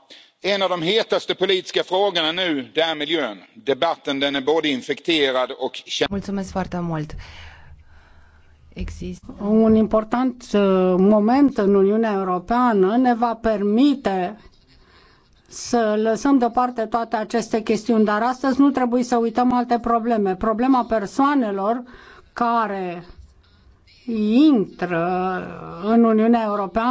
Speaker 2: En av de hetaste politiska frågorna nu, är miljön. Debatten den är både infekterad och...
Speaker 3: Mulțumesc foarte mult! Există. Un important uh, moment în Uniunea Europeană ne va permite să lăsăm deoparte toate aceste chestiuni, dar astăzi nu trebuie să uităm alte probleme. Problema persoanelor care intră în Uniunea Europeană